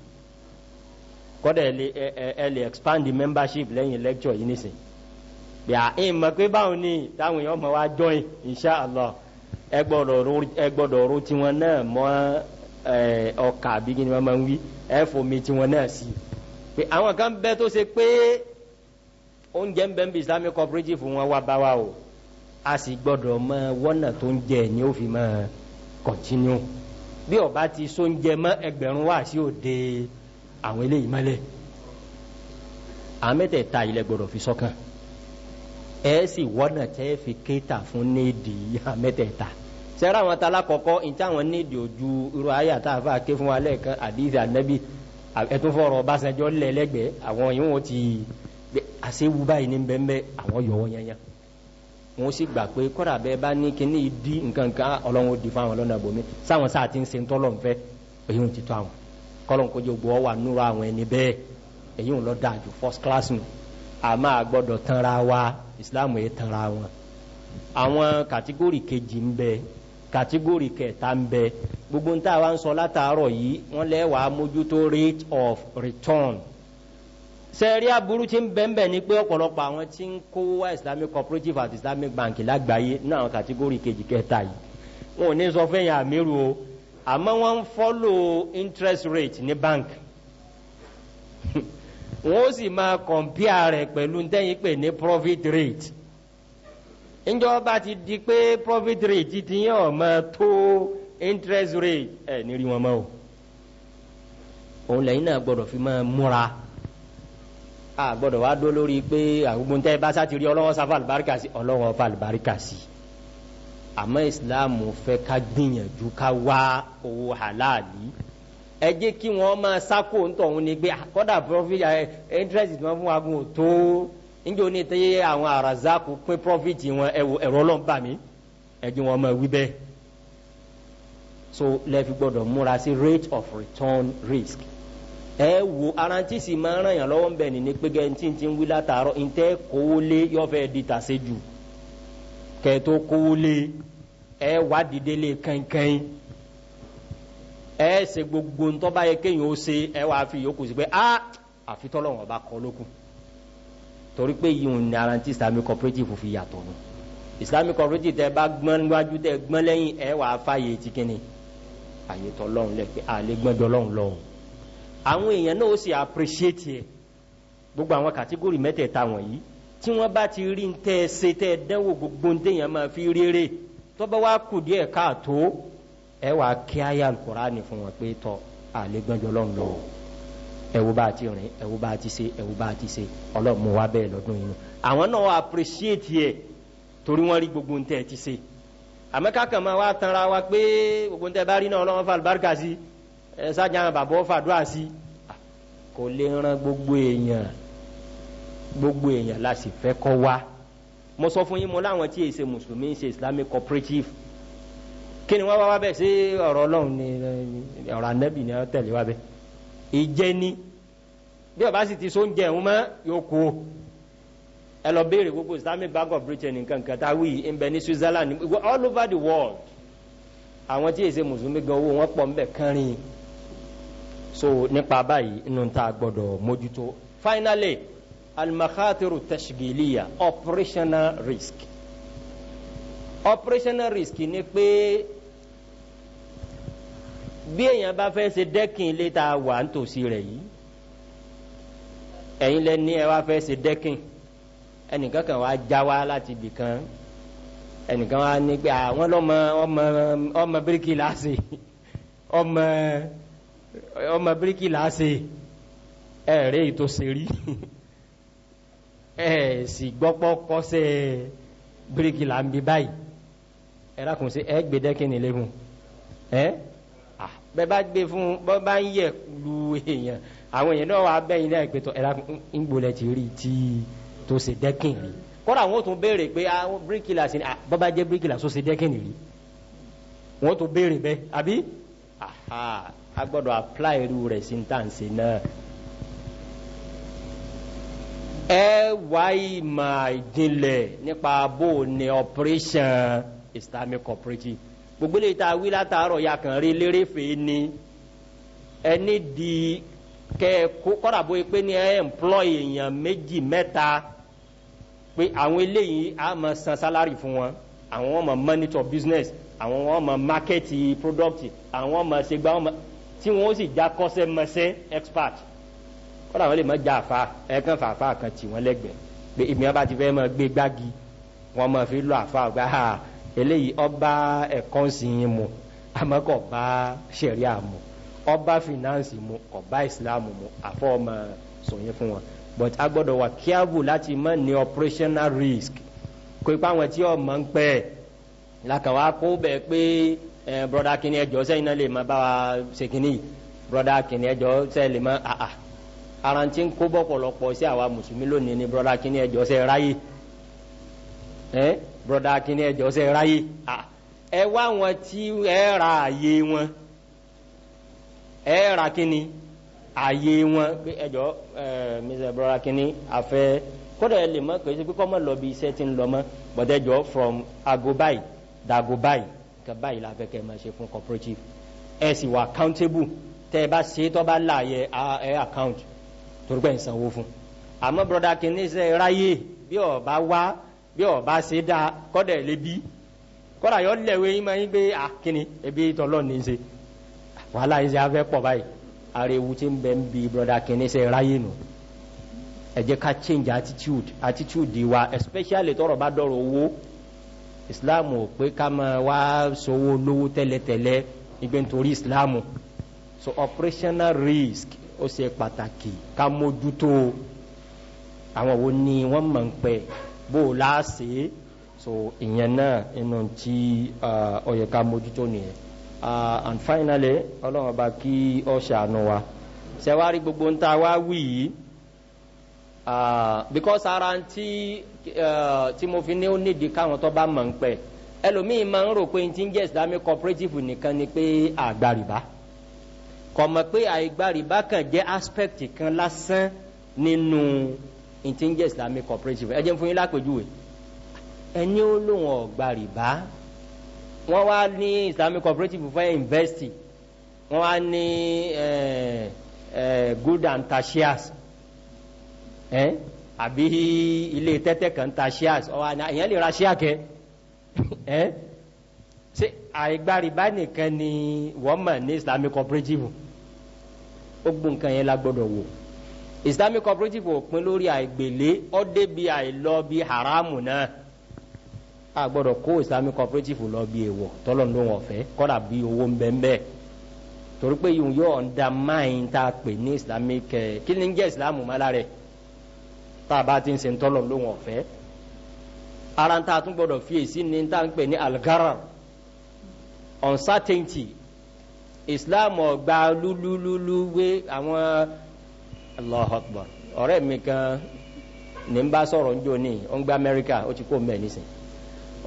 kọ́dà ẹ lè expand the membership lẹ́yìn lecture yìí nísìnyí bí i mọ̀ pé báwọn ní táwọn èèyàn mọ̀ wá join inshallah ẹ gbọ́dọ̀ ro tiwọn náà mọ́ ọkà bí kí ni wọ́n máa ń wí ẹ fomi tiwọn náà sí pé àwọn kan bẹ́ tó ṣe pé oúnjẹ ń bẹ́ ń bi islamic cooperative wọn wá bá wa o a sì gbọ́dọ̀ mọ wọ́nà tó ń jẹ ni ó fi mọ kọ̀ntínú bí ọba ti so ń jẹ mọ ẹgbẹ̀rún wá sí òde àwọn eléyìí mọ́lẹ̀ àmẹ́tẹ̀ẹ̀ta ilẹ̀ gbọ́dọ̀ fi sọ́kàn ẹ sì wọ́nà tẹ́ fi kéta fún nídìí àmẹ́tẹ̀ẹ̀ta sẹ́rà àwọn tala kọ̀kọ́ ní táwọn nídìí ojú irú ayé àtàfà ké fún wa lẹ́ẹ̀kan àdìsí ànẹ́bí ẹ̀tún fọ̀rọ̀ ọbaṣẹ́jọ́ lẹ́lẹ́gbẹ̀ẹ́ àwọn yìí ti àṣewú báyìí ní bẹ́ẹ̀ àwọn yọ̀wọ́ yẹn yẹn wọn sì gbà pé kọ́dà bẹ́ẹ̀ bá ní kíní ìdí nǹkan kan ọlọ́run ó di fáwọn lọ́nà bòmí sáwọn sáà ti ń se tọ́lọ̀ ń fẹ́ èyí ń ti tọ́ àwọn kọ́lọ̀ kó jẹ́ gbọ́ wà núra àwọn ẹni bẹ́ẹ̀ èyí ń lọ dáa ju first class nù àmọ́ àgbọ́dọ̀ tanra wa ìsìláàmù yẹn tanra wọn. àwọn kàtígórì kejì ń bẹ kàtígórì kẹta ń bẹ gbogbo ń tá wá ń sọ látàárọ̀ yìí wọ́n lẹ́wàá mójútó rate of return sẹ́ẹ̀rí aburú tí ń bẹ̀m̀bẹ̀ ní pé ọ̀pọ̀lọpọ̀ àwọn tí ń kó wá islamic cooperative àti islamic bank lágbàáyé ní àwọn kàtígórì kejì kẹta yìí wọn ò ní sọ fẹ́yìn àmírù o àmọ́ wọ́n ń fọ́lò interest rate ní bank wọ́n ó sì máa kọ̀m̀píà rẹ̀ pẹ̀lú tẹ́yìn pè ní profit rate ìjọba ti di pé profit rate ti yàn ọmọ tó interest rate ẹ̀ ní rí wọn mọ́ o òun lẹ́yìn náà gbọ́dọ̀ fi máa múra a wá dó lórí pé àgbogbo tẹ́ bá sáti rí ọlọ́wọ́ sáfà àlùbáríkà sí ọlọ́wọ́ fà àlùbáríkà sí àmọ́ ìsìláàmù fẹ́ ká gbìyànjú ká wá owó àláàlì ẹ jẹ́ kí wọ́n máa sákò ń tọ̀hún ni pé àkọ́dà ah, profit eh, interest tí wọ́n fún wa gùn tó níjó ní tẹ́yẹ àwọn àràzákù pín profit wọn ẹ̀rọ ọlọ́mbà mi ẹ jẹ́ wọ́n máa wí bẹ́ẹ̀ so lẹ́fi gbọ́dọ̀ múra sí rate of return risk ẹ wo arantí sì máa ràn yàn lọ́wọ́ ń bẹ̀ nínú pé gẹ́ntì ti ń wí látàárọ̀ ntẹ́ kówó lé yọ̀fẹ́ di tàṣe jù kẹ́ẹ̀tó kówó lé ẹ wá dìde lé kankan ẹ ṣe gbogbo ntọ́ba yẹ kéèyàn ó ṣe ẹ wá fi yòókù sí pé a ah, àfitọ́lọ́wọ̀n ọba kọ́ lókun torí pé yìí ní arantí islamic cooperative fi yàtọ̀ nù islamic cooperative tẹ bá gbọ́n níwájú tẹ gbọ́n lẹ́yìn ẹ wà á fààyè tìkínni àyètọ́ lọ́hùn lẹ́pẹ́ àlẹ́gbọ́n dọ́lọ́hùn lọ́hùn àwọn èèyàn náà ó sì appreciate ẹ̀ gbogbo àwọn kàtígórì mẹ́tẹ̀ẹ̀ta wọ̀nyí tí wọ́n bá ti rí tẹ́ ẹ ṣe tẹ́ ẹ dánwò gbogbo ń téèyàn máa fi rere tọ́ba wá kù díẹ̀ káàtó ẹ wà kí àyà alukurani fún wọn pé tọ́ àlégbọ́njọ́ lọ́n lọ ẹ wo bá a ti rìn ẹ bá ti ṣe ẹ bá ti ṣe ọlọ́mú wa bẹ́ẹ̀ lọ́dún yìí àwọn náà appreciate ẹ̀ torí wọ́n rí gbogbo ń tẹ́ ẹ ti ṣe àmọ́ kákan máa wá tanra wa pé gbogbo ń tẹ́ bá rí náà ọlọ́wọ́n fa àlùbáríkà sí ẹ sájà bàbá fàdúrà sí kò lè ran gbogbo èèyàn gbogbo èèyàn la sì fẹ́ kọ́ wa mo sọ fún yín mo láwọn tí èsè mùsùlùmí ń ṣe islamic cooperative kí ni wọ́n wá wá bẹ́ẹ̀ sí ọ̀rọ̀ ọlọ́run ni ọ̀rọ̀ anábì ni wọ́n tẹ̀lé wá bẹ́ẹ̀ ìjẹ ni bí ọba sì ti sóúnjẹ ń mọ́ yóò kú o ẹ lọ béèrè gbogbo islamic bank of britain nǹkan kan tá a wí ń bẹ ní switzerland all over the world àwọn tí èsè mùsùlùmí gan owó wọn pọ̀ ń bẹ̀ kánrin so nípa báyìí inú ta gbọdọ̀ mójútó finally alimakatiru tashigiliya operational risk operational risk ni pé bí èèyàn bá fẹ́ ṣe dẹ́kin ilé tá a wà nítòsí rẹ̀ yìí ẹ̀yin lẹ ní ẹ wá fẹ́ ṣe dẹ́kin ẹnìkan kan wá já wá láti ibì kan ẹnìkan wá ní pé àwọn ọmọ ọmọ ọmọ bíríkì láṣẹ ọmọ ọmọ bíríkì láàáṣe ẹ̀rẹ́ ètò ṣe rí ẹ̀ sì gbọ́pọ́ kọ́sẹ̀ bíríkì là ń bí báyìí ẹ̀rákùn sí ẹ gbé dẹ́kìnì lẹ́gùn ẹ́ bẹ́ bá gbé fún bọ́ bá ń yẹ̀ lu èèyàn àwọn èèyàn náà wà bẹ́yìn náà pẹ̀tọ̀ ẹ̀rákùn ń gbolẹ̀ ti rí tí tó ṣe dẹ́kìnì rí kọ́ra àwọn tó béèrè pé àwọn ah, a gbọ́dọ̀ apply irú rẹ̀ sí tàǹsì náà ẹ wá ìmọ̀ ìjìnlẹ̀ nípa bó ní operation islamic cooperative gbogbo lè ta wí látàárọ̀ ya kàn rí lérèfé ni ẹni di kẹ kọ́dà bó pé ni ẹ employ èèyàn méjì mẹ́ta pé àwọn eléyìí á mọ san salary fún wọn àwọn ọmọ monitor business àwọn ọmọ market product àwọn ọmọ ṣègbà ọmọ tí wọ́n sì já kọ́sẹ́ mọ́sẹ́ expert kọ́dà wọ́n lè mọ́ já àfa ẹ̀ẹ̀kan fàáfà kan tì wọ́n lẹ́gbẹ̀ẹ́ pé ìmìíràn bá ti fẹ́ mọ́ gbé gbági wọ́n mọ́ fi lọ àfa ọ̀gá ha eléyìí ọba ẹ̀kọ́ sí i mu àmọ́ kò bá sẹ̀ríà mu ọba fìnánsì mu kò bá ìsìlámù mu àfọ́ ọmọ sòyìn fún wọn but a gbọ́dọ̀ wà kíábù láti mọ́ ní operational risk kó ipa àwọn tí ọmọ ń pẹ́ lákàwá kó bẹ́ẹ̀ pé ẹ eh, broda kini ẹjọ sẹyìn náà lè má bá kini broda kini ẹjọ sẹ lè má àà arantí ń kó bọ́pọ̀lọpọ̀ sí àwa mùsùlùmí lónìí ni broda kini ẹjọ sẹ ráyè ẹ eh, broda kini ẹjọ sẹ ráyè à ẹ wá wọn tí ẹ ra àyè wọn ẹ ra kini àyè wọn ẹjọ ẹ eh, mr broda kini àfẹ kódà ẹ lè mọ pé kọ́ mọ lọ bí iṣẹ́ ti lọ mọ́ bọ́dẹ́jọ from ago báyìí dago nǹkan báyìí la fẹ́ kẹ́ máa ṣe fún cooperative ẹ sì wà accountable tẹ́ ẹ bá ṣe tọ́ bá láàyè ẹ account torí pé ń sanwó fún àmọ́ broda kìíní ṣe ráyè bí ó bá wá bí ó bá ṣe dáa kọ́dà lè bí kọ́dà yọ lẹ̀wé yín máa ń gbé àkíní ebi tọ́lọ́ ní ṣe wàhálà yín ṣe afẹ́ pọ̀ báyìí ariwu tí ń bẹ ń bi broda kìíní ráyè nù. ẹ jẹ́ ká change attitude attitude wa especially tọ́rọ̀ bá dọ̀rọ̀ owó islam ò pé ká máa wá sowó lówó tẹ́lẹ̀tẹ́lẹ̀ ìgbẹ́ nítorí islam so operational risk ó ṣe pàtàkì ká mójútó àwọn wo ni wọ́n mọ̀ ń pẹ́ bó o láàṣẹ so ìyẹn náà inú tí ó yẹ ká mójútó nìyẹn and finally ọlọ́run ọba kí ó ṣàánú wa ṣe gbogbo ń ta wá wí yìí. Ah, because ara ti uh, eh, ti mo fi ní ó nídìí káwọn tó bá mọ̀ ń pẹ́ ẹlòmíín máa ń rò pé ti ń jẹ́ islamic cooperative nìkan ni pé àgbàrìbá kò mọ̀ pé àìgbàrìbá kan jẹ́ aspect kan lásán nínú ti ń jẹ́ islamic cooperative ẹ jẹ́ fún yín lápèjúwe ẹni ó lóun ọ̀gbàrìbá wọ́n wá ní islamic cooperative fẹ́ invest wọ́n wá ní eh, eh, good and tertiary ẹ́ àbí ilé tẹ́tẹ́ kan ta shares ọwọ́ àná èèyàn lè ra share kẹ ẹ́ ṣé nìkan ni wọ́n mọ̀ ní islamic cooperative ó gbó nǹkan yẹn la wò islamic cooperative ò pin lórí àìgbèlé ó débi bí a kó islamic lọ bí èèwọ̀ tọ́lọ̀ ló wọ̀n fẹ́ owó torí pé yóò pè ní islamic eh, kí ni ń jẹ́ tá a bá ti ń se ntọ́lọ̀ ló wọn fẹ́ ara ta tún gbọdọ̀ fiyèsí ni ta ń pè ní algarar uncertainty islam ọgbà lulululu wé àwọn allahakbar ọ̀rẹ́ mi kan ní n bá sọ̀rọ̀ ń jò ní ó gba amẹ́ríkà ó ti kó mẹ́ nísìn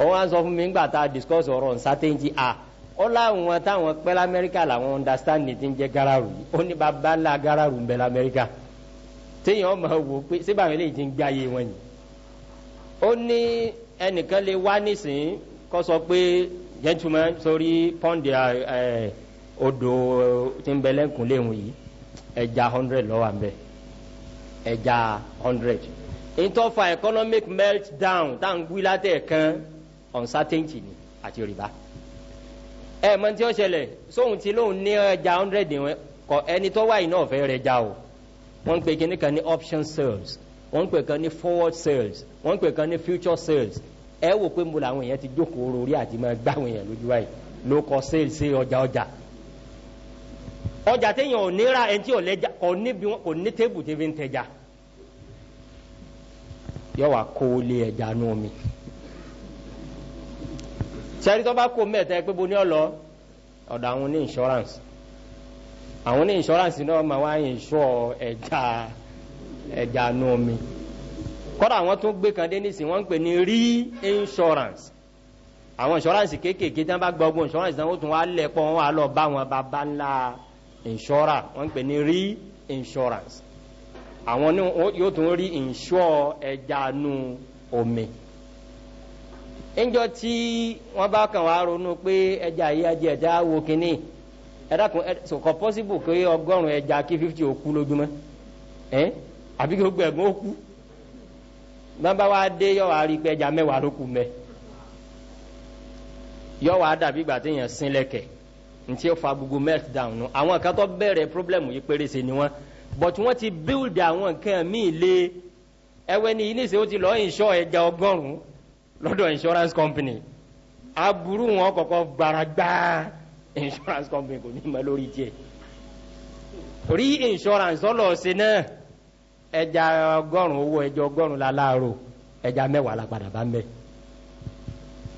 òun á sọ fún mi nígbà tá a discuss ọ̀rọ̀ uncertainty a ó láwọn táwọn pẹ́ lamẹ́ríkà làwọn understand ní ti ń jẹ́ gararu ó ní bàbá ńlá gararu ń bẹ lamẹ́ríkà. La téèyàn ọmọ wò pé síbà wọn lè ti ń gbáyé wọn yìí ó ní ẹnìkan lè wá nísìnyí kó sọ pé gentleman sórí pọ́ǹdì odò tí ń yìí ẹja hundred lọ́wọ́ àbẹ̀ ẹja hundred ìtọ́fà economic meltdown tá à ń gbí látẹ̀ kan uncertainty ni àti rìbá ẹ mọ tí ó ṣẹlẹ̀ sóhun tí lóun ní ẹja hundred wọn kọ ẹni tó wà yìí náà fẹ́ rẹ̀ já o wọ́n ń pè kíní kan ní option sales wọ́n ń pè kan ní forward sales wọ́n ń pè kan ní future sales ẹ wò pé mo làwọn èèyàn ti jókòó orí àti máa gbá àwọn èèyàn lójú wáyé ló kọ sales sí ọjà ọjà ọjà téèyàn ò ní ra ẹni tí ò lẹ́jà kò ní bí wọn kò ní tébù tí fi ń tẹja yóò wá kó o lé ẹja nú mi sẹ́ni tó bá kó mẹ́ta ẹ pé bo ní ọ lọ ọ̀dọ̀ àwọn ní insurance àwọn ní insurance náà ma wá insure ẹja ẹja nú omi kọ́dà wọ́n tún gbé kan dé nísìn wọ́n ń pè ní reinsurance àwọn insurance kéékèèké tí wọ́n bá gbọ́ ọgbọ́n insurance náà ó tún wá lẹ́pọ̀ wọn wá lọ bá wọn bàbá ńlá insurer wọ́n ń pè ní reinsurance àwọn ní yóò tún rí insure ẹja nú omi níjọ tí wọ́n bá kàn wá ronú pé ẹja yìí ajẹ́ ẹja wo kínní ẹ̀dàkùn sọ̀kọ̀ pọ́síbù pé ọgọ́rùn-ún ẹja kí fífítì òkú lójúmọ́ ẹ́n àbí kí gbogbo ẹ̀gbọ́n òkú bàbá wa dé yọ wá rí pé ẹja mẹ́wàá ló kù mẹ́ yọ wá dàbí ìgbà tí èèyàn sín lẹ́kẹ̀ ntí ó fa gbogbo meltdown nù àwọn kan tó bẹ̀rẹ̀ problem yìí pérése ni wọ́n but wọ́n ti build àwọn nǹkan míì lé ẹwẹ́ ni yìí níṣẹ́ ó ti lọ́ọ́ insure ẹja ọgọ́rùn-ún lọ́dọ̀ insurance company aburú wọn kọ̀kọ́ gbaragbáà insurance company kò ní mọ lórí tiẹ̀ torí insurance ọlọ́ọ̀sẹ̀ náà ẹja ọgọ́rùn-ún owó ẹja ọgọ́rùn-ún la láàárọ̀ ẹja mẹ́wàá la padà bá mẹ́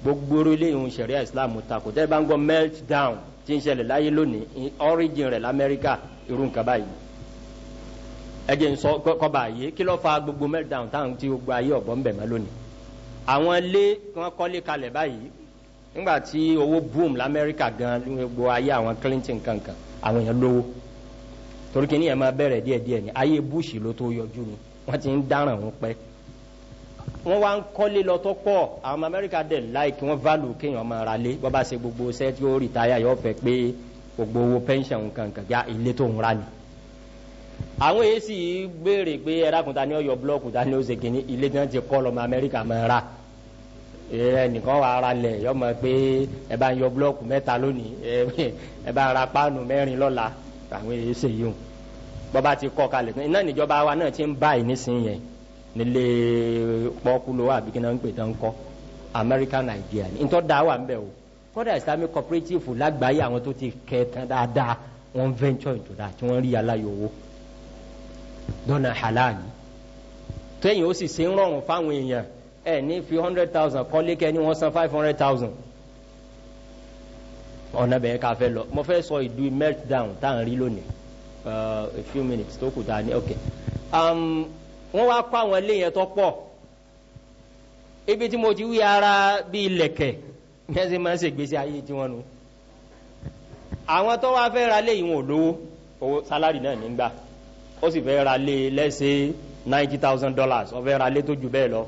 gbogbo eléyìí ń ṣẹ̀ríà islam ta kò tẹ́ bá ń gbọ́ melt down tí ń ṣẹlẹ̀ láyé lónìí origin rẹ̀ lamẹ́ríkà irú nǹkan báyìí ẹjẹ ń sọ kọba yìí kí ló fa gbogbo meltdown táwọn tí gbogbo ayé ọ̀bọ̀ bẹ̀ mọ́ lónìí àwọn ilé wọn kọ́lé kalẹ̀ báyìí nígbàtí owó boom lamẹ́ríkà gan gbogbo ayé àwọn Clinton kankan àwọn èèyàn lówó torí kí ni ẹ̀ máa bẹ̀rẹ̀ díẹ̀díẹ̀ ni ayé Bush ló tó yọjú ni wọ́n ti ń dáràn wọn pẹ́ wọ́n wá ń kọ́lé lọ tó pọ̀ àwọn ọmọ Amẹ́ríkà dẹ̀ láìkí wọ́n válù kéèyàn máa ra lé bọ́ bá ṣe gbogbo iṣẹ́ tí ó rìtáyà yóò fẹ́ pé gbogbo owó pension kankan já ilé tó ń ra ni. àwọn èyí sì béèrè pé ẹ̀rákùnta ni ó yọ búlọ́ọ̀kù ta ni ó ṣe kìíní ilé tí wọ́n ti kọ́ lọ́mọ Amẹ́ríkà máa ra ẹnìkan wà ara lẹ̀ yọ mọ̀ pé ẹ bá ń yọ búlọ́ọ̀kù mẹ́ta lónìí ẹ bá ń ra páànù mẹ́rin lọ́la àwọn èyí ṣe yìí o bọ́ba ti kọ́ kalẹ̀ fún iná níjọba wa náà ti ń bá yìí nísìnyẹn nílé pọ́kúlò àbí kí náà ń pè tán kọ́ American Nigeria ní tọ́ da wà ń bẹ̀ o kọ́dà Islamic cooperative lágbàáyé àwọn tó ti kẹ́ tán dáadáa wọ́n venture into that tí wọ́n rí aláyọ̀ owó dọ́nà halal tẹ́yìn ó sì ṣe ń rọrùn fáwọn èèyàn ẹ̀ ní fi hundred thousand kọ́lé kẹ́ ní wọ́n san five hundred thousand ọ̀nà bẹ̀rẹ̀ ká fẹ́ lọ mo fẹ́ sọ ìdú meltdown tá à ń rí lónìí uh, a few minutes tó kù tá a ní ok um, wọ́n wá kó àwọn ilé yẹn tó pọ̀ ibi tí mo ti wí ara bíi lẹ̀kẹ̀ mẹ́sẹ̀ máa ń ṣègbésí ayé tí wọ́n nu àwọn tó wá fẹ́ ra lé ìwọ̀n olówó owó sálárì náà nígbà ó sì fẹ́ ra lé lẹ́sẹ̀ ninety thousand dollars ó fẹ́ ra lé tó ju bẹ́ẹ̀ lọ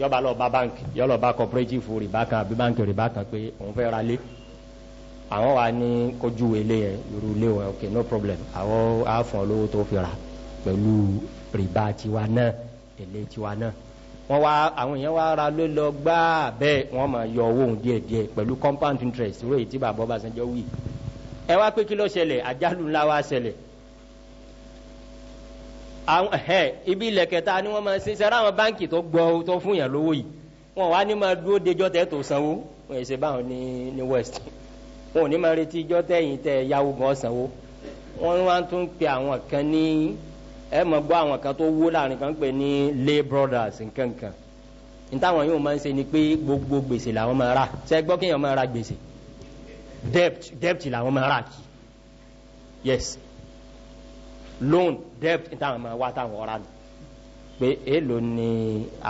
yọba lọ bá báńkì yọlọ bá cooperative rìbá kan àbí báńkì rìbá kan pé òun fẹ́ ra àwọn wa ní kojú ilé yẹn irú ilé wọn ok no problem àwọn àfọ̀n olówó tó fi rà pẹ̀lú rìbá tiwa náà èlé tiwa náà wọ́n wá àwọn èèyàn wá ra ló lọ gbá bẹ́ẹ̀ wọ́n máa yọ owó òun díẹ̀ díẹ̀ pẹ̀lú compound interest rate tí bàbá ọbaṣanjọ́ wí ẹ wá pé kí ló ṣẹlẹ̀ àjálù ńlá wá ṣẹlẹ̀ àwọn ẹ̀ ibi ilẹ̀kẹta ni wọ́n máa ṣe sẹ́ra àwọn báǹkì tó gbọ́ tó fún yàn lówó yìí wọn wá ní máa dúró dejọ́ tẹ́ tó sanwó wọn èsè báwọn ní ní west wọn ò ní máa retí ijọ́ tẹ́yìn tẹ́ yáwó gan sanwó wọn wá tún pe àwọn kan ní ẹ mọ̀ gbọ́ àwọn kan tó wó láàrin kan pè ní lay brothers nkankan nítawọn yóò máa ń ṣe ni pé gbogbo gbèsè làwọn máa rà ṣe gbọ́ kéèyàn máa ra gbèsè debt debt làwọn máa rà kì yes loan debt táwọn máa wá táwọn ọ̀rá nù pé èèlò ni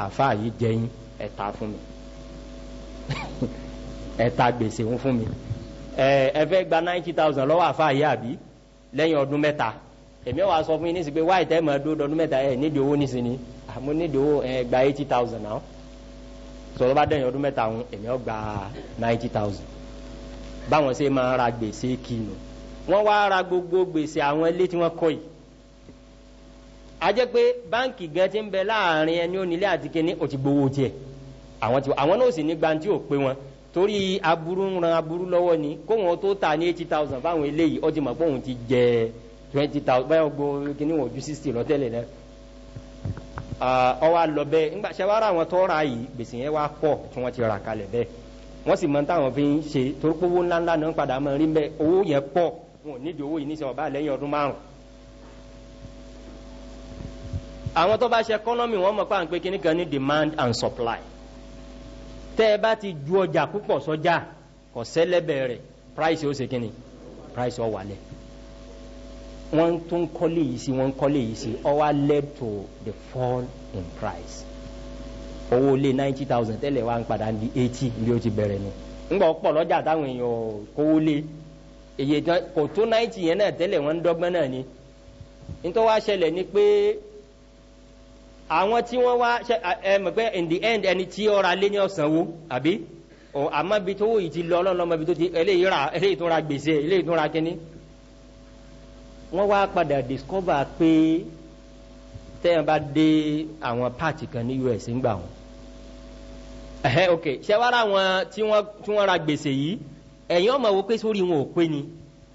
àáfàá yìí jẹyìn ẹ̀ta fún mi ẹ̀ta gbèsè ń fún mi ẹ fẹ́ gba ninety thousand lọ́wọ́ àáfàá yìí àbí lẹ́yìn ọdún mẹ́ta èmi wàá sọ fún yín nísìsiyìí pé wáyé tẹ́ mọ̀ ẹdún ọdún mẹ́ta ẹ̀ nídìí owó nísìsiyìí àmọ́ nídìí owó ẹ̀ gba eighty thousand náà sọ̀rọ̀ bá dẹ̀yìn ọdún mẹ́ta ọ̀hún èmi ọ̀ gba ninety thousand báwọn ṣe máa ra gbèsè kìnnù wọ́n wá ra gbogbo gbèsè àwọn ilé tí wọ́n kọ́ yìí a jẹ́ pé báǹkì gan ti ń bẹ láàrin ẹni onílé àti kíní ó ti gbowó tiẹ̀ àwọn ti àwọn náà sì ní gbanti ò pé wọn torí aburú ń ran aburú lọ́wọ́ ni kó wọn tó ta ní eighty thousand fáwọn eléyìí ó ti mọ̀ pé òun ti jẹ twenty thousand báyọ̀ gbó kíní wọn ju sixty lọ tẹ́lẹ̀ náà ọwọ́ lọ bẹ́ẹ̀ ńgbà ṣe wá ra àwọn tó ra yìí gbèsè yẹn wá pọ̀ tí wọ́n ti rà kalẹ̀ bẹ́ẹ̀ wọ́n sì mọ táwọn fi ń ṣe torí pé owó ńláńlá náà padà máa rí bẹ́ẹ̀ owó yẹn pọ̀ wọn ò nídìí owó yìí níṣẹ́ ọ̀bá àwọn tó bá ṣe economy wọn mọ̀ pé à ń pè kíní kan ní demand and supply tẹ́ ẹ bá ti ju ọjà púpọ̀ sọ́jà kò sẹ́lẹ̀bẹ̀ rẹ̀ price ó ṣe kíni price ó wà lẹ̀ wọ́n tún kọ́lé yìí sí wọ́n kọ́lé yìí sí ó led to the fall in price owó lé ninety thousand tẹ́lẹ̀ wá ń padà di eighty bí ó ti bẹ̀rẹ̀ ni ńgbà ọ̀pọ̀ lọ́jà táwọn èèyàn kówó lé èyí kò tó ninety yẹn náà tẹ́lẹ̀ wọ́n ń dọ́gbọ́n náà ni nítorí wá ṣẹlẹ̀ ni pé àwọn tí wọ́n wá ẹ mọ̀ pé in the end ẹni tí ó ra lé ní ọ̀sán wo àbí àmọ́ ibi tó yìí ti lọ ọlọ́lọ́mọ ibi tó ti eléyìí ra eléyìí tó ra gbèsè eléyìí tó ra kínní. wọ́n wá padà discover pé tẹ́yàn bá dé àwọn páàtì kan ní us ńgbà wọn. ẹ̀hẹ́ ok ṣé wàá ra wọn tí wọ́n ra gbèsè yìí ẹ̀yin ọmọ wo pé sórí wọn ò pé ni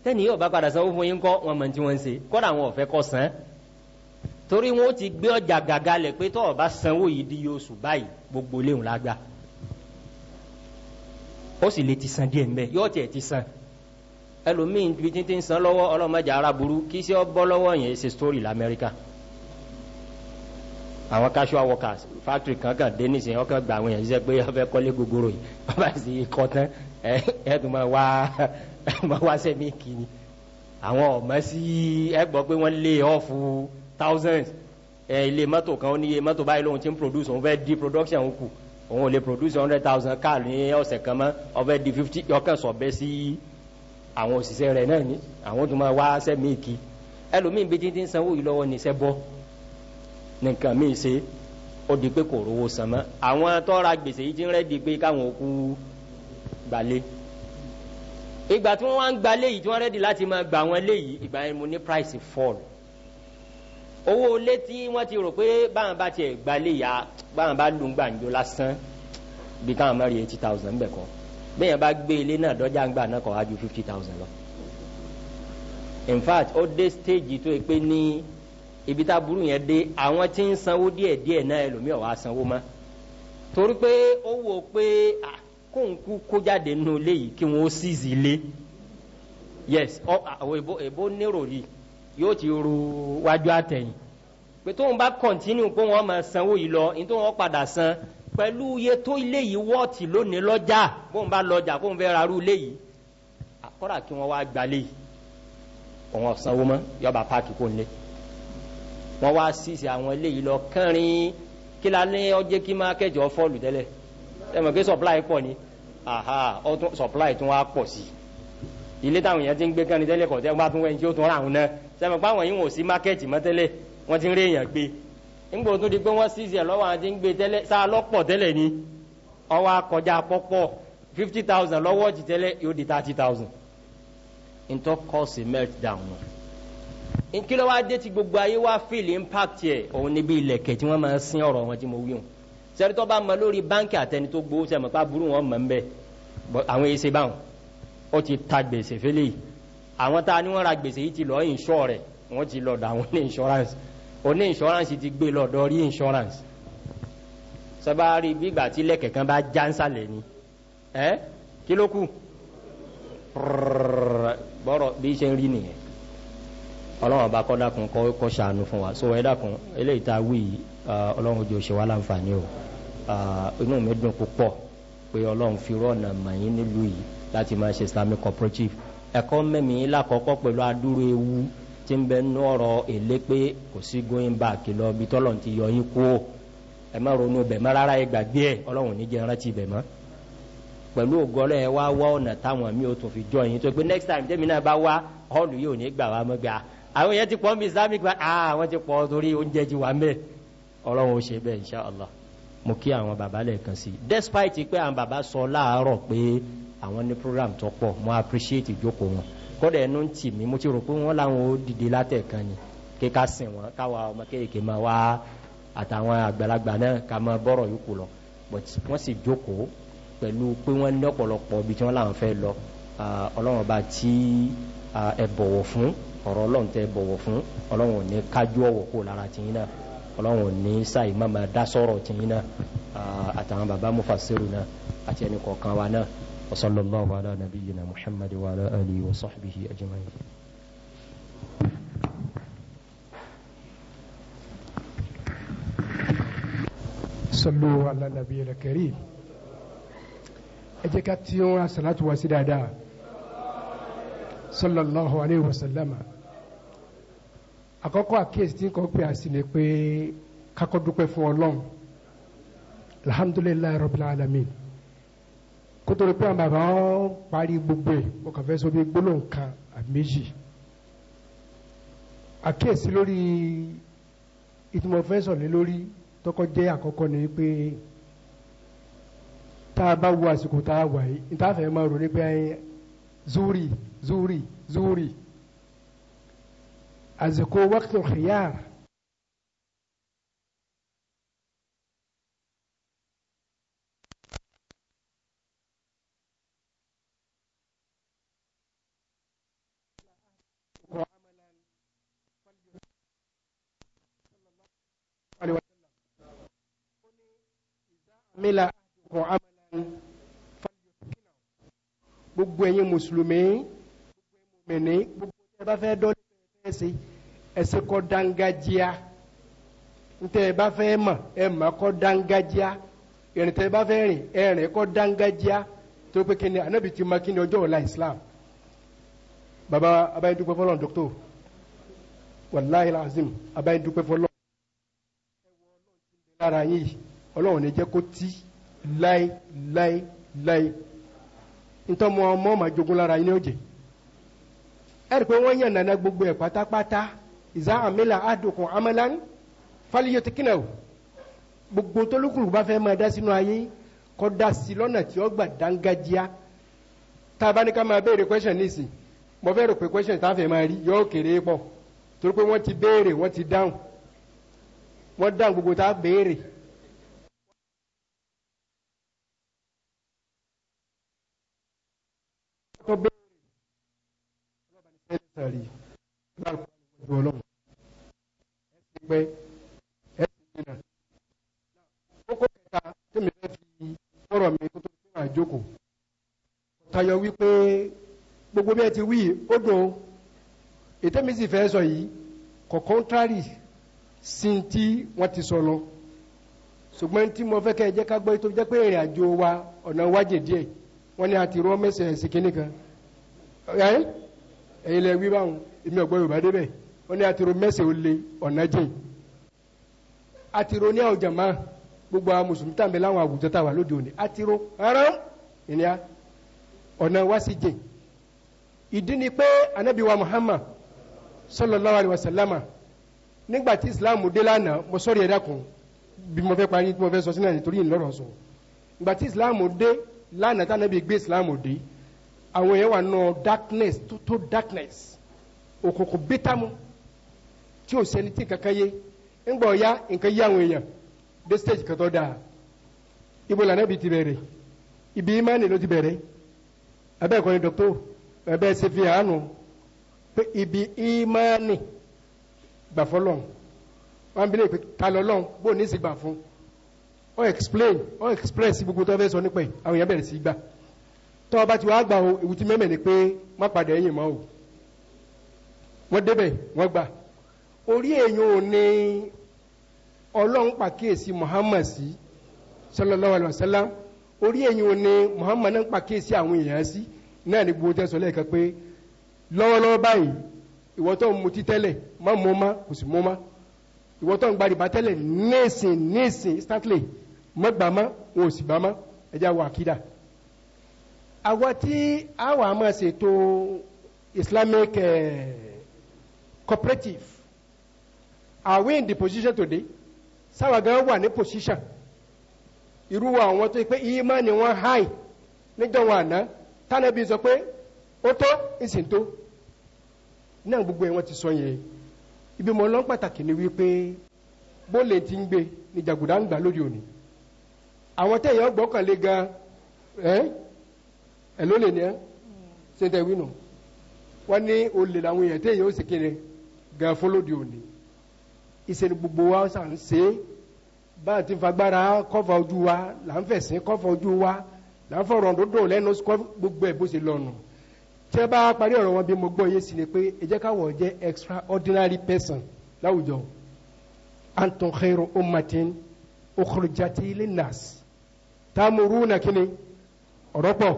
tẹ́ni yóò bá padà sanwó fún yín kọ́ wọn mọ̀ tí wọ́n ń ṣe kọ́dà wọn kọ́ torí wọn ó ti gbé ọjà gàga lẹ̀ pé tọ́ ọba sanwó yìí di oṣù báyìí gbogbo léwu lágbà ó sì lè ti san díẹ̀ mbẹ́ yóò tiẹ̀ ti san ẹlòmíín bí títí ń san lọ́wọ́ ọlọ́mọdé ara burú kí sí ọ bọ́ lọ́wọ́ yẹn ṣe workers factory kankan ọkàn àwọn ṣiṣẹ́ pé kọ́lé gogoro yìí sì kọ́ tán máa wá máa thousands ẹ ilé mọ́tò kan ó níye mọ́tò báyìí lóhun ti ń produce òun fẹ́ di production òun kù òun ò lè produce hundred thousand car ní ọ̀sẹ̀ kan mọ́ ó fẹ́ di fifty ọkàn sọ̀bẹ́ sí àwọn òṣìṣẹ́ rẹ̀ náà ní àwọn tó máa wá sẹ́mi ìkí ẹlòmíín bí títí ń sanwó yìí lọ́wọ́ ní sẹ́bọ́ nìkan míì ṣe ó di pé kò rówó san mọ́ àwọn tọ́ra gbèsè yìí ti ń rẹ́ di pé káwọn òkú gbalé ìgbà tí wọ́n wá ń gbalé yìí tí wọ́n rẹ́ láti máa gbà wọ́n léyìí ìgbà yẹn mo ní price fall owó ilé tí wọ́n ti rò pé báwọn bá tiẹ̀ gbalẹ̀ yá báwọn bá lu gbàǹjo lásán bí táwọn mẹ́rin eighty thousand bẹ̀ kọ́ bẹ́ẹ̀ bá gbé ilé náà dọ́jà ń gbà náà kọ́ wájú fifty thousand lọ. in fact ó dé stage tó yẹ pé ní ibi tá burú yẹn dé àwọn tí ń sanwó díẹ̀ díẹ̀ náà ẹlòmíràn wàá sanwó mọ́ torí pé ó wò ó pé kóńkú kó jáde nínú ilé yìí kí wọ́n ó ṣìṣì ilé yes àwọn èbó nérò rí i yóò ti ru wájú àtẹ̀yìn pé tóun bá kọ̀ntínú pé wọ́n máa sanwó yìí lọ ní tóun padà san pẹ̀lú iye tó ilé yìí wọ́ọ̀tì lónìí lọ́jà bóun bá lọ́jà bóun fẹ́ rarú ilé yìí àkọ́dà kí wọ́n wá gbalẹ̀ yìí òun ọ̀sanwó mọ́ yọba páàkì kò nílé wọ́n wá sísè àwọn ilé yìí lọ kẹrin kí la ní ọjẹ́ kí máa kẹjọ fọ́ọ̀lù tẹ́lẹ̀ ẹ mọ̀ pé supply pọ̀ ni aha supply tún wá pọ̀ sí i ilé táwọn èèyàn ti ń gbé kánni tẹ́lẹ̀ kọ̀ tẹ́ wọ́n bá tún wẹ́yìn tí ó tún ra àwọn náà sẹ́mi pé àwọn yìí wọ́n sí mákẹ́ẹ̀tì mọ́ tẹ́lẹ̀ wọ́n ti ń rí èèyàn gbé ńgbò tó di pé wọ́n ṣíṣe lọ́wọ́ àwọn ti ń gbé tẹ́lẹ̀ sá lọ́pọ̀ tẹ́lẹ̀ ni ọwọ́ akọjá pọ́pọ́ fifty thousand lọ́wọ́ ti tẹ́lẹ̀ yóò di thirty thousand ntọ́ kọ́ọ̀sì meltdown nù. nkí ló wá dé ti gbogbo ayé wá fíìlì impact yẹ òun níbi ilẹ̀kẹ̀ tí wọ́n máa ń sin ọ̀rọ̀ wọn tí mo wí hùn sẹ́ni tó bá mọ lórí ó ti ta gbèsè fẹ́lẹ̀ yìí àwọn tá a ní wọ́n ra gbèsè yìí ti lọ insure rẹ̀ wọ́n ti lọ́dọ̀ àwọn oní insurance oní insurance ti gbé lọ́dọ̀ rí insurance sọbaari gbígbà tí lẹ́kẹ̀ kan bá já ń sàlẹ̀ ni ẹ́ kí ló kù bọ́rọ̀ bí ṣe ń rí nìyẹn ọlọ́run ọba kọ́dá kun kọ́ ṣàánú fún wa so ẹ̀dá kun eléyìí tá a wí yìí ojú ṣe láǹfààní o inú mi dùn púpọ̀ pé ọlọ́run fi rọ́ọ̀nà màyín nílùú yìí láti máa ṣe islamic cooperative ẹ̀kọ́ mẹ́mí lákọ̀ọ́kọ́ pẹ̀lú adúrú ewu tí ń bẹ ní ọ̀rọ̀ èlé pé kò sí going back lọ bí tọ́lọ̀n ti yọ yín kú ò ẹ má ronú bẹ̀ mọ́ rárá ẹ gbàgbé ẹ̀ ọlọ́run ní jẹ́ rántí bẹ̀ mọ́ pẹ̀lú ògọ́lẹ̀ wá wá ọ̀nà táwọn mi ò tún fi jọ yín tó pé next time tẹ́mi náà bá wá họ́ọ̀lù yóò ní gbà wá mọ́ gbà àwọn yẹn ti pọ̀ ń islamic bank ah wọ́n ti pọ̀ torí oúnjẹ ti wà mẹ́ ọlọ́run ó ṣe bẹ́ẹ̀ insha mo kí àwọn bàbá lẹ́ẹ̀kan sí despite pé àwọn bàbá sọ láàárọ̀ pé àwọn ní program tó pọ̀ mo appreciate ìjókòó wọn kódà ẹnu ń tì mí mo ti rò pé wọ́n láwọn ó dìde látẹ̀kan ni kí ká sìn wọ́n káwa ọmọ kéèké máa wá àtàwọn àgbàlagbà náà ká máa bọ́rọ̀ yòókù lọ but wọ́n sì jókòó pẹ̀lú pé wọ́n ní ọ̀pọ̀lọpọ̀ ibi tí wọ́n láwọn fẹ́ lọ ọlọ́run ọba tí ẹ bọ̀wọ̀ fún ọ̀rọ̀ ọlọ́run tẹ bọ̀wọ̀ fún ọlọ́run ò ní kájú ọ̀wọ̀ kó lára tìyín náà ọlọ́run ní sáì má máa dá sọ́rọ̀ tìyín náà àtàwọn bàbá mufasiru náà àti ẹnì wa náà وصلى الله على نبينا محمد وعلى آله وصحبه أجمعين صلوا على النبي الكريم أجكتيون صلاة وسدادا صلى الله عليه وسلم àkọ́kọ́ àkíyèsí tí kò pé àsì ni pé kakọ́ dúpẹ́ fún ọlọ́run alhamdulilayi rabil alamin kótó pé àwọn bàbá wọn parí gbogbo ẹ̀ mo kàn fẹ́ sọ bí gbólóhùn kan àbí méjì àkíyèsí lórí ìtumọ̀ fẹ́ sọ̀lẹ̀ lórí tọkọ jẹ́ àkọ́kọ́ ni pé tá a bá wo àsìkò tá a wà yìí níta fẹ́ máa rò ní pé zuri zuri zuri àsìkò wákìtì khiyar. ọ̀ amalan fàlùyọ̀kìnà gbogbo ẹ̀yin mùsùlùmí mẹ̀ní gbogbo ẹ̀ bá fẹ́ dọ́lé ẹ̀ ṣe ẹ̀ṣẹ̀ kọ́ dángájíá ntẹ́ ẹ̀ bá fẹ́ mọ̀ ẹ̀ mọ̀ kọ́ dángájíá ìrìn tẹ́ ẹ̀ bá fẹ́ rìn ẹ̀ rìn kọ́ dángájíá tó pé kí anábì ti ma kí ọjọ́ ọ̀la Islam baba abayin dúpẹ́ fọlọ́n dọ́kítọ̀ wàláhi lazim abayin dúpẹ́ fọlọ́n ẹ̀ wọ ọlọ́run ti ń bẹ lára ní jẹ́ kó tí láí láí láí ntọ́mọ ọmọ ọmọ jogun lára yín ni ó jẹ ẹ rí i pé wọ́n yàn nana gbogbo ẹ̀ pátápátá ìzá àmìlà àdùkùn amalan fáliyé tìkínà o gbogbo tólókùlù bá fẹ́ máa dá sínú ayé kọ́ da sí lọ́nà tí ó gbà dángájíá tá a bá ní ká máa béèrè question nísìn mo fẹ́ rò pé question tá a fẹ́ máa rí yóò kéré pọ̀ torí pé wọ́n ti béèrè wọ́n ti dáhùn wọ́n dáhùn gbogbo tá a béèrè. tó béèrè ọlọ́ba ní sẹ́yìn sàrí láàrúkọ ìwọ̀jú ọlọ́run ẹ ti pẹ́ ẹ ti dènà kókó kẹta tí mi fẹ́ fi ọ̀rọ̀ mi tó tó fi máa jókòó tayọ wípé gbogbo bí ẹ ti wí ó dùn ètò mi sì fẹ́ sọ yìí kọ̀ kọ́ńtárì sí ti wọ́n ti sọ lọ ṣùgbọ́n tí mo fẹ́ kẹ́ ẹ jẹ́ ká gbọ́ tó jẹ́ pé ìrìn àjò wa ọ̀nà wájè díẹ̀ wọ́n ní àti rọ́ mẹ́sẹ̀ẹ́sì kínní kan ẹ́ ẹ̀yin lẹ wí báwọn èmi ọ̀gbọ́n yorùbá débẹ̀ wọ́n ní àti rọ́ mẹ́sẹ̀ẹ́ ó lé ọ̀nà jìn àti rọ́ ní àwùjàmá gbogbo àwọn mùsùlùmí tàbí láwọn àwùjọ tàwa lóde òní àti rọ́ rárán ìníyà ọ̀nà wá sí jìn ìdí ni pé anabi muhammad sallallahu alayhi wa sallama nígbà tí islam dé lánàá mo sọ̀rọ̀ ẹ̀dá kan bí mo fẹ́ parí mo fẹ́ sọ sínú ẹ̀ nítorí ìlọrọ̀ sọ ìgbà tí islam dé lánàá tánàbí gbé islam òde àwọn èèyàn wà nù darkness total darkness òkùnkùn bítámù tí o sẹni tí kankan yé ńgbọ̀ ya nǹkan yé àwọn èèyàn dé stage kan tó dáa ibo lànà bi ti bẹ̀rẹ̀ ibi imani ló ti bẹ̀rẹ̀ abẹ́ ìkọ́ni dọ́kítọ́ abẹ́ ṣe fi pe ibi imani, gbà fọlọ́n wọn bí lè pe ta lọ́lọ́n bó ní ó explain ó express gbogbo tó fẹ́ sọ nípa ẹ̀ àwọn èèyàn bẹ̀rẹ̀ sí gbà tó ọba tí wàá gbà o ìwú ti mẹ́mẹ́ ni pé má padà ẹ̀yìn mọ́ o wọ́n débẹ̀ wọ́n gbà orí èèyàn ò ní ọlọ́run pàkíyèsí Muhammad sí sallallahu alaihi wasallam orí èèyàn ò ní Muhammad náà pàkíyèsí àwọn èèyàn sí náà ni gbogbo tẹ́sán lẹ́ẹ̀kan pé lọ́wọ́lọ́wọ́ báyìí ìwọ tó ń mutí tẹ́lẹ̀ má mọ́ má kò sì mọ́ má ìwọ ń gba tẹ́lẹ̀ nísìn nísìn instantly mọ́gbàmọ́ wọn ò sì gbàmọ́ ẹjá wọ àkídà àwọn tí àwọn àmọ́ ṣètò islamic eh, cooperative are we in the position today sáwọn gan wà ní position irú àwọn tó pé ìmọ̀ ni wọ́n háì níjọ́ wọn àná tánàbí sọ pé ó tó ìsìn tó náà gbogbo ẹ̀wọ̀n ti sọ yẹn ibi mọ̀ lọ́n pàtàkì ni wípé bó lè ti ń gbé ni jàgùdà ń gbà lóde òní àwọn tẹ̀yàn gbọ́kànlé gan ẹ́ ẹ̀ ló lè ní ẹ́ ṣe tẹ̀ wínú wọ́n ní olè làwọn èèyàn tẹ̀yàn ó sì kiri gan fún lóde òní ìṣe ni gbogbo wa sà ń ṣe é bá a ti fagbára kọ́fà ojú wa là ń fẹ̀sìn kọ́fà ojú wa là ń fọ̀rọ̀ dòdò lẹ́nu gbogbo ẹ̀ bó ṣe lọ́nu tí ẹ bá parí ọ̀rọ̀ wọn bí mo gbọ́ yé sí ni pé ẹ jẹ́ káwọn jẹ́ extraordinary person láwùjọ anton khairu ummatin ukhrijati linnas tamuruna kini ọ̀rọ̀ pọ̀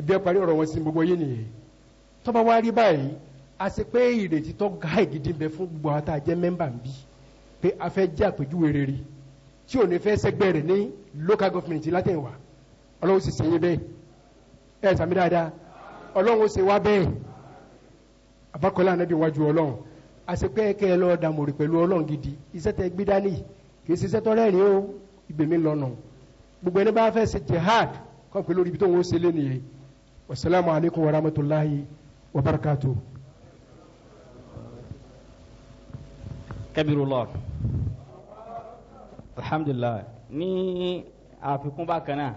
ibi ẹ parí ọ̀rọ̀ wọn sí gbogbo yín nìyẹn tọ́ba wá rí báyìí a ṣe pé ìrètí tó ga ìgidi bẹ fún gbogbo àwọn tá a jẹ́ mẹ́mbà ń bí pé a fẹ́ jẹ́ àpèjúwe rere tí ò ní fẹ́ sẹ́gbẹ́ ní local government látẹ̀wá ọlọ́run sì sẹ́yìn bẹ́ẹ̀ ẹ̀ sàmì dáadáa ọlọ́run sì wá bẹ́ẹ̀ abakọ́lá anábì wájú ọlọ́run a ṣe pé kẹ́ ẹ lọ́ọ́ dàmọ̀rì pẹ̀lú gidi iṣẹ́ tẹ gbé dání kì í ṣiṣẹ́ tọ́lẹ́rìn o ìgbèmí lọ́nà gbogbo ẹni bá fẹ́ ṣe jihad kọ́ pé lórí ibi tó ń ṣe lé nìyẹn wasalaamu alaykum wa rahmatulahi wa barakatu. kabirullah alhamdulilah ní àfikún bákan náà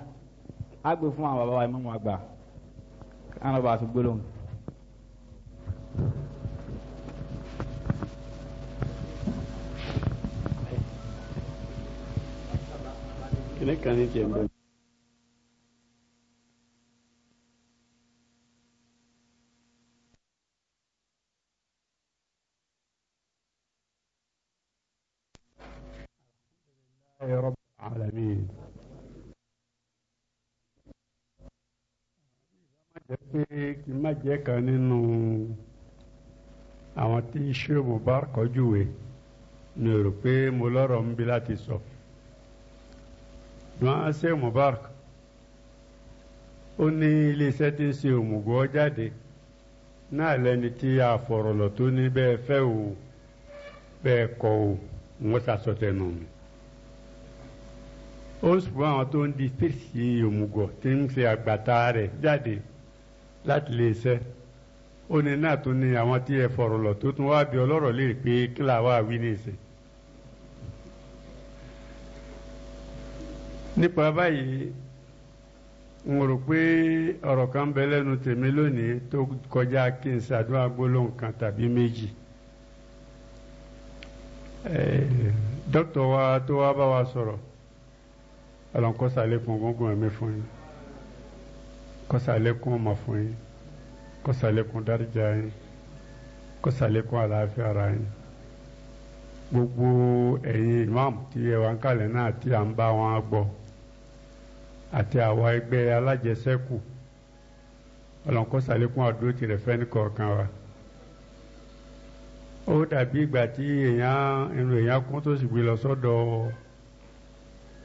a gbé fún àwọn bàbá wa ìmọ̀mọ́ àgbà kí wọn bá fi gbólóhùn. kíní kan ní tiẹ̀ ń bẹ̀rẹ̀. يا رب العالمين kí n má jẹ́ kan nínú àwọn tí Sheikh Mubarak kọjúwe ní rò pé mo lọ́rọ̀ ń bi láti sọ. So wọn á ṣe Mubarak ó ní iléeṣẹ́ tí ń ṣe òmùgọ̀ jáde náà lẹni tí a fọ̀rọ̀ lọ tó ní bẹ́ẹ̀ fẹ́ o bẹ́ẹ̀ kọ̀ o wọ́n ṣàṣọtẹnu mi ó ń ṣùgbọ́n àwọn tó ń di tíìsì òmùgọ̀ tí ń ṣe àgbàtà rẹ̀ jáde láti iléeṣẹ́ ó ní náà tó ní àwọn tí ẹ fọ̀rọ̀ lọ tó tún wá bí ọlọ́rọ̀ lè pé kí làwa wí ní ìsìn nípa báyìí n rò pé ọ̀rọ̀ kan bẹ lẹ́nu tèmi lónìí tó kọjá kí n ṣàdúrà gbólóhùn kan tàbí méjì dókítà wa tó wá bá wa sọ̀rọ̀ ọlọ́nkọ́sà lẹ́kùn gbọ́ngbọ́n ẹ̀mí fún yín kọ́sà lẹ́kùn ọmọ fún yín kọ́sà lẹ́kùn yín kọ́sà àlàáfíà ara yín gbogbo ẹ̀yin imam tí ẹ ń kalẹ̀ náà tí à ń bá wọn gbọ́. àti àwọn ẹgbẹ́ alájẹsẹ́kù ọlọ́nkó sàlékún àdúró tirẹ̀ fẹ́ni kọ̀ọ̀kan wa ó dàbí ìgbà tí èèyàn irun èèyàn kún tó sì gbé lọ sọ́dọ̀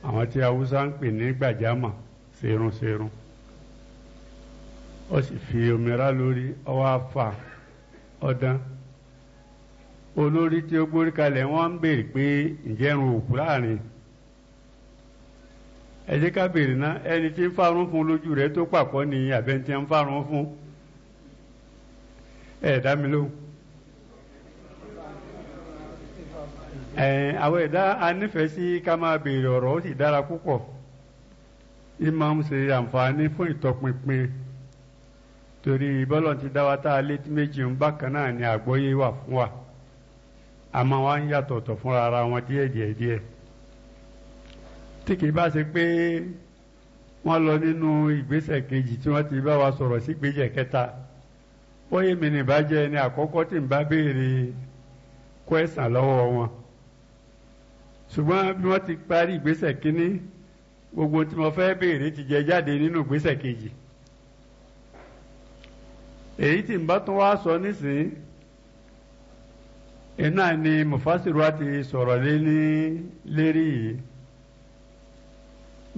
àwọn tí haúsá ń pè ní gbàjámà serunserun ó sì fi òmìnira lórí ọwọ́ afa ọdán olórí tí ó gbórí kalẹ̀ wọ́n ń pé òkú ẹ jẹ́ ká béèrè ná ẹni tí ń fárún fún lójú rẹ̀ tó pàkọ́ ni àbẹ́ni tí ń fárún fún ẹ̀ẹ̀dá dá mi lóhùn. àwọn ẹ̀dá anífẹ̀ẹ́ sí ká máa ọ̀rọ̀ ó sì dára púpọ̀ ní máa ń ṣe àǹfààní fún ìtọpinpin torí bọ́lọ̀ ti wa tá a wa àmọ́ wa ń fúnra ara wọn tí kì í bá ṣe pé wọ́n lọ nínú ìgbésẹ̀ kejì tí wọ́n ti bá wa sọ̀rọ̀ sí ìgbésẹ̀ kẹta bóyá èmi ní bá jẹ́ ẹni àkọ́kọ́ tí n bá béèrè kwẹ́sàn lọ́wọ́ wọn ṣùgbọ́n bí wọ́n ti parí ìgbésẹ̀ kínní gbogbo tí mo fẹ́ béèrè ti jẹ jáde nínú ìgbésẹ̀ kejì èyí tí n bá tún wá sọ nísìnyí iná ni mufasiru wa ti sọ̀rọ̀ lé ní lérí yìí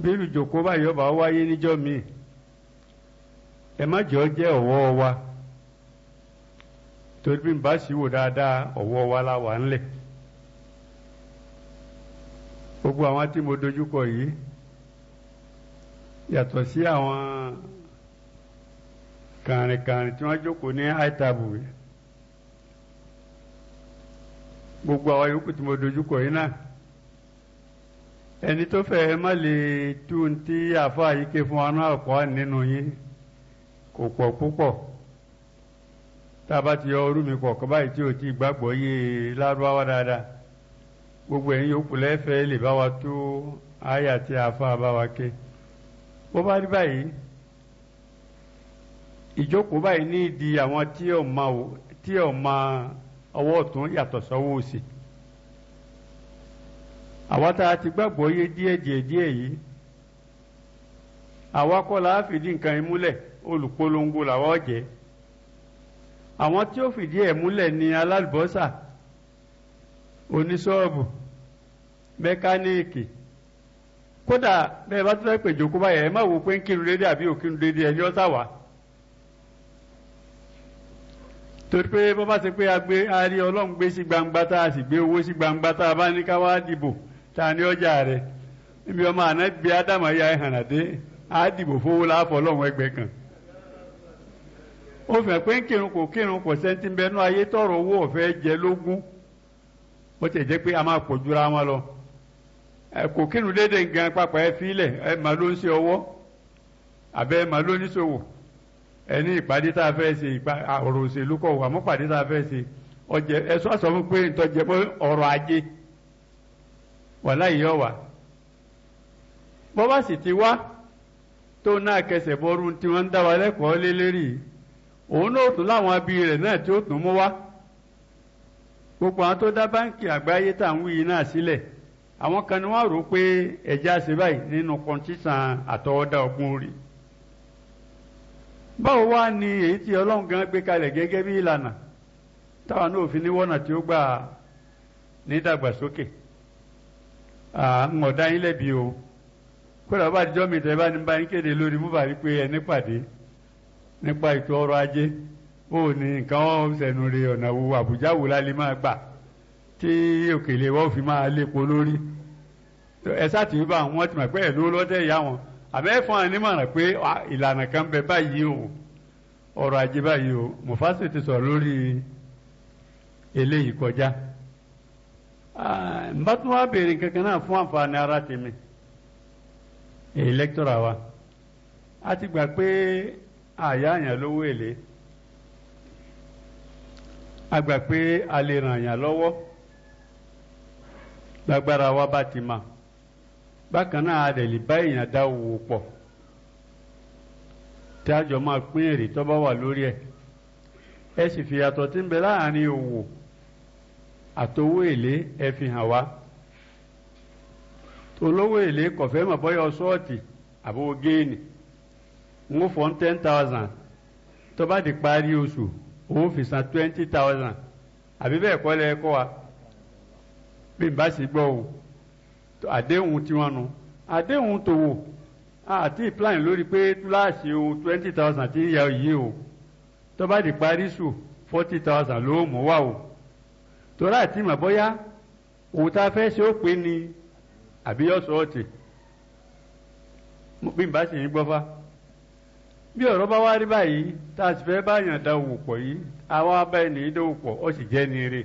bírù jòkó báyọ̀ bá wáyé níjọ́ míì ẹ má jọ jẹ́ ọ̀wọ́ wa torí bí n bá sì wò dáadáa ọ̀wọ́ wa la wà ńlẹ̀ gbogbo àwọn tí mo dojúkọ yìí yàtọ̀ sí àwọn kàrìnkàrìn tí wọ́n jókòó ní àìtàbù gbogbo àwọn yòókù tí mo dojúkọ yìí náà ẹni tó fẹ́ má lè tú ti àfáà yìí ké fún anú àkọ́ nínú yín kò pọ̀ púpọ̀ tá a bá ti yọ orú mi pọ̀ kọ́ báyìí tí o ti gbàgbọ́ yé lárúbáwá dáadáa gbogbo ẹ̀yin yòókù lẹ́fẹ̀ẹ́ lè bá wa tó àyà tí àfáà bá wa ké bó bá rí báyìí ìjókòó báyìí ní ìdí àwọn tí ọ̀ ọwọ́ ọ̀tún yàtọ̀ sọ́wọ́ òsì àwa tá a ti gbàgbọ́ yé díẹ̀ díẹ̀ díẹ̀ yìí àwa kọ́ la fìdí nǹkan yìí múlẹ̀ olùpolongo làwa ọ̀jẹ̀ àwọn tí ó fìdí ẹ̀ múlẹ̀ ni alálùbọ́sà oníṣọ́ọ̀bù mẹkáníìkì kódà bẹ́ẹ̀ bá tó fẹ́ pè jókòó báyẹn ẹ má wo pé ń kírun déédéé àbí òkírun déédéé ẹni ọ́sà wá torí pé bọ́ bá ti pé a rí ọlọ́run gbé sí gbangba tá a sì gbé owó sí gbangba tá a bá ní ká wá dìbò ta ni ọjà rẹ̀ níbi ọmọ ànábi adama ya ìhànà dé á dìbò fowó láàfọ̀ lọ́wọ́ ẹgbẹ́ kan ó fẹ́ pé kírun kò kírun kò sẹ́ńtì ayé tọrọ owó ọ̀fẹ́ jẹ lógún bó ti jẹ́ pé a máa pọ̀ wọn lọ kò kírun déédéé papọ̀ ẹ fílẹ̀ ẹ ló ń ọwọ́ ẹ ló ní ẹ ní ìpàdé tá a fẹ́ ọ̀rọ̀ wàláhì yóò wà bọ́ bá sì ti wá tó náà kẹsẹ̀ bọ́rú tí wọ́n ń dá wa lẹ́kọ̀ọ́ lé lérí òun náà tún láwọn abí rẹ̀ náà tí ó tún mú wá gbogbo àwọn tó dá báńkì àgbáyé tá à ń wíyí náà sílẹ̀ àwọn kan ni wọ́n rò pé ẹ̀já ṣe báyìí nínú kọ́ńtísàn àtọwọ́dá ọgbọ́n ni èyí tí ọlọ́run gan gbé kalẹ̀ gẹ́gẹ́ bí ìlànà táwọn náà ń ọ̀dá yín lẹ́bi o kódà bá àtijọ́ mi tẹ̀lé bá ní bá ń kéde lórí mú bàrí pé ẹni pàdé nípa ètò ọrọ̀ ajé ó ní nǹkan wọn sẹ̀nu re ọ̀nà wo àbújá wo la lè máa gbà tí òkèlè wọn fi máa lépo lórí ẹ sátìmí bá wọn ti mọ̀ pé ẹ̀ ló lọ́dẹ̀ ìyá wọn àbẹ́ fún wa nímọ̀ràn pé ìlànà kan bẹ báyìí o ọrọ̀ ajé báyìí o mufasi sọ̀rọ̀ lórí eléyìí kọjá. n batuwa bèèrè kankan náà fún àǹfààní ara tèmi èyí wa a ti gbà pé àyà àyàn lówó èlé a gbà pé a lè ràn àyàn lọ́wọ́ lágbára wa bá ti ma. bákan náà a lè lè bá èèyàn dá owó pọ̀ tí a jọ máa pín èrè bá wà lórí ẹ̀ ẹ sì fi yàtọ̀ tí ń bẹ láàrin òwò. àtowó èlé ẹ fi hàn wá tolówó èlé kọ̀fẹ́ mọ̀ bọ́yọ̀ sọ́ọ̀tì àbówó géènì ń fọ́n ten thousand tó bá di parí oṣù òun fi san twenty thousand àbí bẹ́ẹ̀ kọ́ lẹ́ kọ́ wa bí n bá sì gbọ́ o àdéhùn tiwọn nu àdéhùn tòwò àti plan lórí pé túláàsì o twenty thousand ti yà yí o tó bá di parí oṣù forty thousand ló mú wá o. torá àti mà bọ́yá òun tá a fẹ́ ṣe ó ni àbí ọ̀tì bí n bá sì ń gbọ́fá bí ọ̀rọ̀ bá wá rí báyìí tá a sì fẹ́ báyàn da òwò pọ̀ yìí àwa bá dòwò pọ̀ sì jẹ́ eré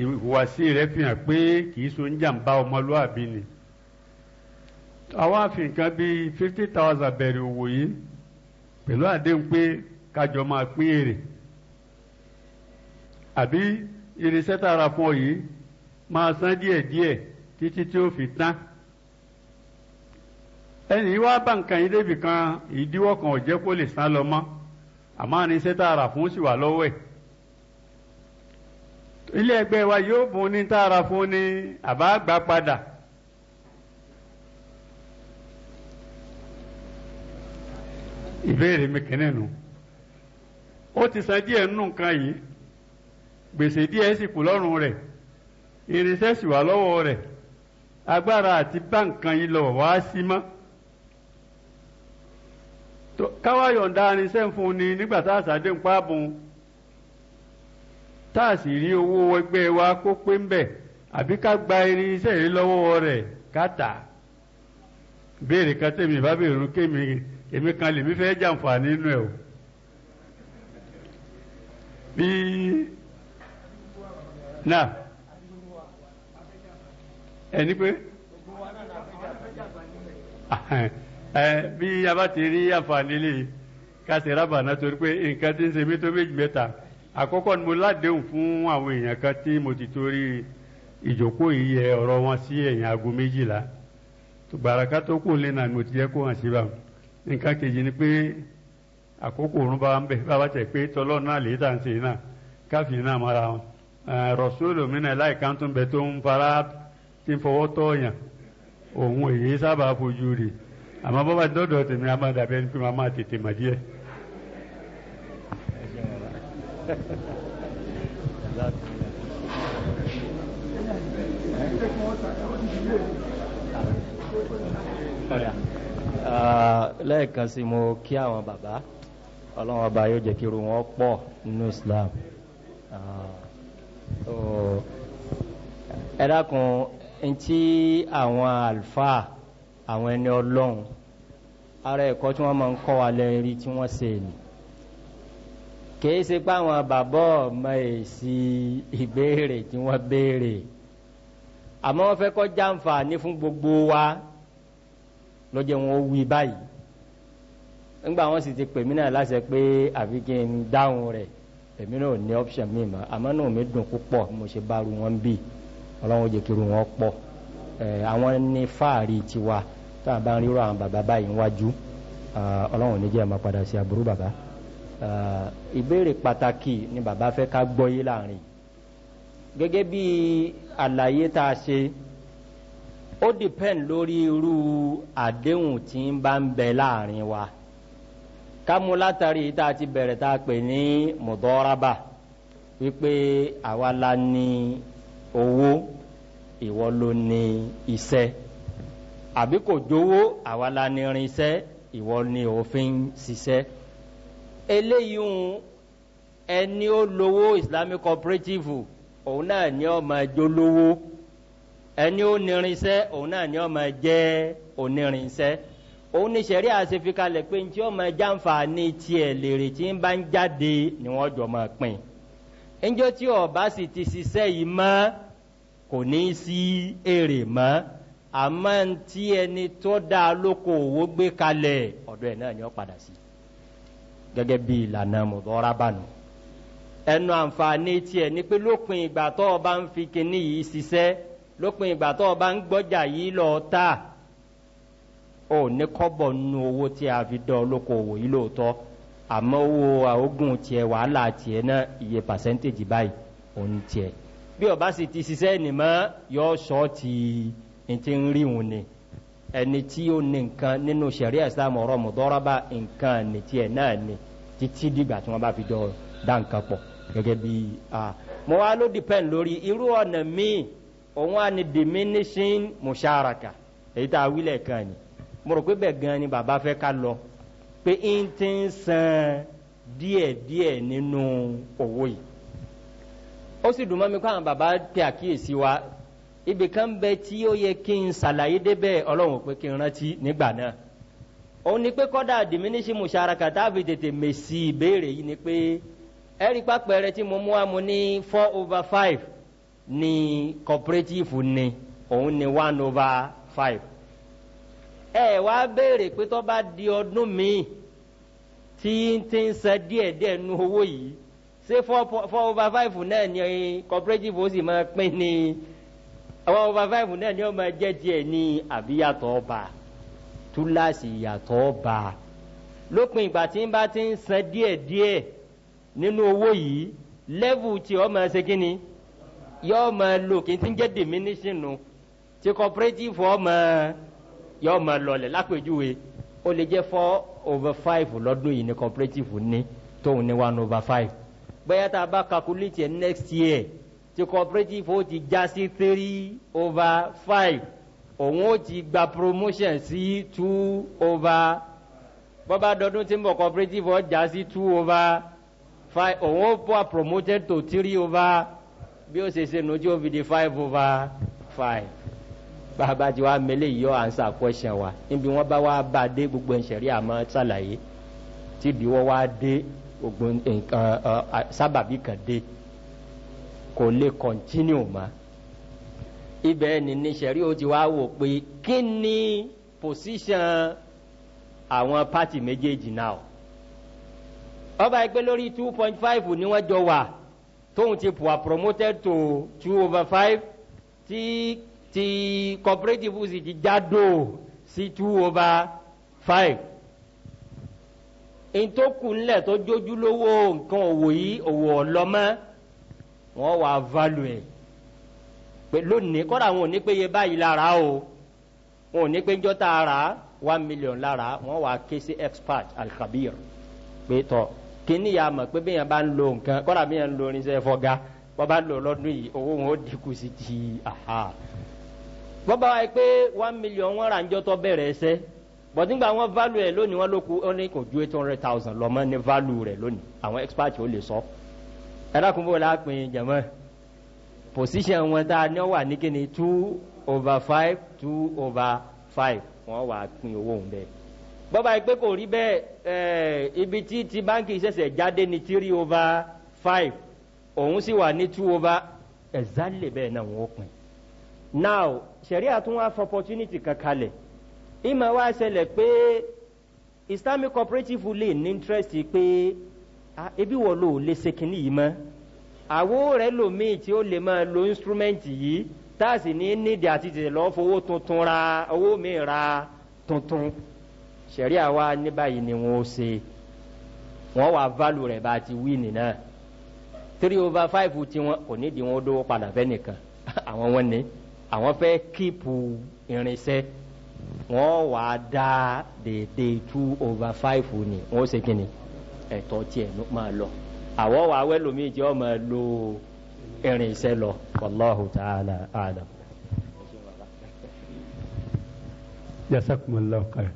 ìhùwàsí fi hàn pé kì í so ń jàǹbá ọmọlúwàbí ni àwa fi nǹkan bíi fifty thousand bẹ̀rẹ̀ òwò yìí pẹ̀lú àdéhùn pé kájọ máa pín àbí irinṣẹ́ tá a ra fún ọ yìí máa san díẹ̀ díẹ̀ títí tí ó fi tán ẹnì yìí wá bá nǹkan yìí débi kan ìdíwọ́ kan ò jẹ́ kó lè san lọ mọ́ àmọ́ irinṣẹ́ tá a rà fún sì wà lọ́wọ́ ẹ̀ ilé ẹgbẹ́ wa yóò bùn ní tá a rà fún ní àbá gbà padà ìbéèrè mi kìíní ó ti san díẹ̀ nínú nǹkan yìí gbèsè díẹ̀ sì kù lọ́rùn rẹ̀ irinṣẹ́ sì wà lọ́wọ́ rẹ̀ agbára àti bá nǹkan yìí lọ wá sí mọ́ káwá yọ̀ǹda irinṣẹ́ fún ni nígbà tá a ṣàdé ń pààbùn tá a sì rí owó ẹgbẹ́ wa kó pé ń bẹ̀ àbí ká gba irinṣẹ́ yìí lọ́wọ́ rẹ̀ ká béèrè kan tèmi ìbá béèrè ń kémi èmi kan lèmi fẹ́ jàǹfààní nínú ẹ̀ o bí náà ẹni pé e eh, bí a bá ti rí àǹfààní lè ká ṣe rábà náà torí pé nǹkan tí ń ṣe mí tó méjì mẹ́ta àkọ́kọ́ ni mo ládéhùn fún àwọn èèyàn kan tí mo ti torí ìjókòó yìí yẹ ọ̀rọ̀ wọn sí ẹ̀yìn aago méjìlá gbàràká tó kù lẹ́nà ni mo ti jẹ́ kó hàn ni pé àkókò bá ń bẹ̀ bá bá tẹ̀ pé tọ́lọ́ Eh, rọ̀ṣúlù mìíràn láìka tó ń bẹ tó ń fara tí ń fọwọ́ tọ̀yàn òun èyí sábà fojú rè àmọ́ bọ́bá dọ́dọ̀ tèmi a máa dàbí ẹni pé màá máa tètè mà díẹ̀. Eh, lẹ́ẹ̀kan sí mo kí àwọn bàbá ọlọ́run ọba yóò jẹ́ kí irú wọn pọ̀ nínú Islam. Uh, ẹ̀dàkùn in tí àwọn alfa àwọn ẹni ọlọ́run ara ẹ̀kọ́ tí wọ́n máa ń kọ́ wa lẹ́rí tí wọ́n se ni kìí se páwọn bàbọ́ ọmọ èsì ìbéèrè tí wọ́n béèrè àmọ́ wọ́n fẹ́ kọ́ jáǹfà ní fún gbogbo wa lọ́jẹ́ wọn ó wí báyìí nígbà wọ́n sì ti pè mí náà láṣẹ pé àfi dáhùn rẹ̀ èmi náà ní option mi mọ́ àmọ́ náà mi dùn púpọ̀ mo ṣe bá ru wọn bí ọlọ́run jẹ́ kí ru wọn pọ̀ àwọn ní fáàrí tiwa tá a bá ń rírọ àwọn bàbá báyìí wájú ọlọ́run ní jẹ́ ẹ̀ padà sí aburú bàbá ìbéèrè pàtàkì ni bàbá fẹ́ ká gbọ́ yé láàrin gẹ́gẹ́ bí àlàyé tá a ṣe ó depend lórí irú àdéhùn tí ń bá ń bẹ láàrin wa kámú látàrí tá a ti bẹ̀rẹ̀ tá a pè ní mùdọ́rábà wípé àwa la ní owó ìwọ ló ní iṣẹ́ àbí kò jówó àwa la ní irinṣẹ́ ìwọ ni òfin ṣiṣẹ́ eléyìí ẹni ó lówó islamic cooperative òun náà ní ọmọ ẹjọ́ lówó ẹni ó nírinṣẹ́ òun náà ní ọmọ jẹ́ onírinṣẹ́ òun ní sẹ̀rí àṣefikalẹ̀ pé tí ọmọ jáǹfà ní tiẹ̀ lèrè tí ń bá ń jáde ni wọ́n jọ máa pin ẹjọ́ tí ọba sì ti ṣiṣẹ́ yìí mọ́ kò ní í sí èrè mọ́ àmọ́ tí ẹni tó dá lóko gbé kalẹ̀ ọ̀dọ̀ náà ni ó padà sí gẹ́gẹ́ bí ìlànà ẹnu àǹfààní ni pé lópin ìgbà tó ọba ń fi kinní yìí ṣiṣẹ́ ọba ń gbọ́jà lọ ò ní kọ́bọ̀ nú owó tí a fi dán olóko òwò yìí lóòótọ́ àmọ́ owó àógùn tiẹ̀ wàhálà tiẹ̀ náà iye pàṣẹ́ntéèjì báyìí òun tiẹ̀ bí ọba sì ti ṣiṣẹ́ nìmọ́ yọ sọ ti ti ń rí òun ni ẹni tí ó ní nǹkan nínú sẹ̀rí islam ọ̀rọ̀ mọ̀dọ́rọ́bà nǹkan ní tiẹ̀ náà ni títí dìgbà tí wọ́n bá ni mo rò pé bẹ́ẹ̀ gan ni bàbá fẹ́ ká lọ pé n ti ń san díẹ̀díẹ̀ nínú owó yìí ó sì dùn mọ́ mi kó àwọn bàbá pe àkíyèsí wa ibì kan bẹ tí ó yẹ kí n ṣàlàyé débẹ̀ ọlọ́run pé kí n rántí nígbà náà pé kọ́dà tètè mèsì ìbéèrè yìí ni pé ẹ wá béèrè pé tó bá di ọdún míì tí ti ń san díẹ̀ díẹ̀ nu owó yìí ṣé four over five náà ni cooperative ó sì máa pín ní four over five náà ni ó máa jẹ́ tiẹ̀ ní àbíyàtọ̀ ọba túláàsì ìyàtọ̀ ọba lópin ìgbà tí ń bá ti ń san díẹ̀ díẹ̀ nínú owó yìí lẹ́vù tí ọ máa ṣe kíni yọ máa lò kí n ti ń jẹ́ diminishing nu ti cooperative ọ máa yóò máa lọlẹ̀ lápèjúwe ó lè jẹ́ four over five lọ́dún yìí ní cooperative ní tóun ní one over five bóyá tá a bá calculate ẹ̀ next year ti cooperative ó ti já sí three over five òun ó ti gba promotion sí two over bọ́bá dọdún tí ń bọ̀ cooperative ó já sí two over five òun ó bọ́ promoted to three over bí ó ṣe ṣe nu tí ó fi di five over five bàbá ti wá mẹ́lẹ̀ yọ àǹsà question wa níbi wọ́n bá wá bá dé gbogbo ìṣẹ̀rí àmọ́ sàlàyé tí ìdíwọ́ wá dé gbogbo nǹkan sábàbí kan dé kò lè continue mọ́ ibẹ̀ ni ní ìṣẹ̀rí ó ti wá wò pé kí ni position àwọn pátì méjèèjì náà ọba ẹgbẹ́ lórí two point five ni wọ́n jọ wà tóun ti wà promoted to two over five tí ti cooperative sì ti jádò sí two over five n tó kù ńlẹ̀ tó jójúlówó nǹkan òwò yìí òwò ọ̀lọ́mọ́ wọ́n wà value ẹ̀ pé lónìí kọ́ra àwọn òní pé iye báyìí lára o wọn ò ní pé jọ́ta ara one million lára wọ́n wà ké sí expert alkhabir pé tọ́ kíní ya mọ̀ pé bíyàn bá ń lo nǹkan kọ́ra bíyàn ń lo irinṣẹ́ fọ́gá wọ́n bá ń lo lọ́dún yìí owó wọn ó dínkù sí ti aha bọ́bá wa pé one million wọ́n rà ń jọ́ tọ́ bẹ̀rẹ̀ ẹsẹ́ bọ̀dé nígbà wọ́n value ẹ̀ lónìí wọ́n ló kú ó ní kò ju eight hundred thousand lọ́mọ ní value rẹ̀ lónìí àwọn expert ò lè sọ ẹ dákun pin jẹ̀mọ́ position wọn tá a ní wà ní kíni two over five two over five wọ́n wà pin owó òun bẹ́ẹ̀ bọ́bá yìí pé kò rí bẹ́ẹ̀ eh, ibi tí ti báńkì ṣẹ̀ṣẹ̀ jáde ní three over five òun sì wà ní two over exactly bẹ́ẹ̀ náà wọ́n pin now sẹ̀ríà tún wá fọ opportunity kankan lẹ̀ ìmọ̀ wá ṣẹlẹ̀ pé islamic cooperative lè ní interest pé ebi wọ́n lò lè ṣe kínní yìí mọ́ àwo rẹ̀ lòmíì tí ó lè máa lo instrument yìí tá a sì ní nídìí àti tètè lọ́ọ́ fowó tuntun ra owó mi ra tuntun sẹ̀ríà wa ní báyìí ni wọ́n ṣe wọ́n wà value rẹ̀ bá a ti wí nìyẹn three over five tiwọn kò nídìí wọn ó dówó padà fẹ́ nìkan àwọn wọn ni àwọn fẹ́ kíìpù irinṣẹ́ wọ́n wà á dá dédé two over five ni wọ́n ṣe kí ni ẹ̀tọ́ tiẹ̀ ló máa lọ àwọn wà á wẹ́lòmíì jẹ́ ọmọ lo irinṣẹ́ lọ wàláhù tààlà àlà. jasakumala kare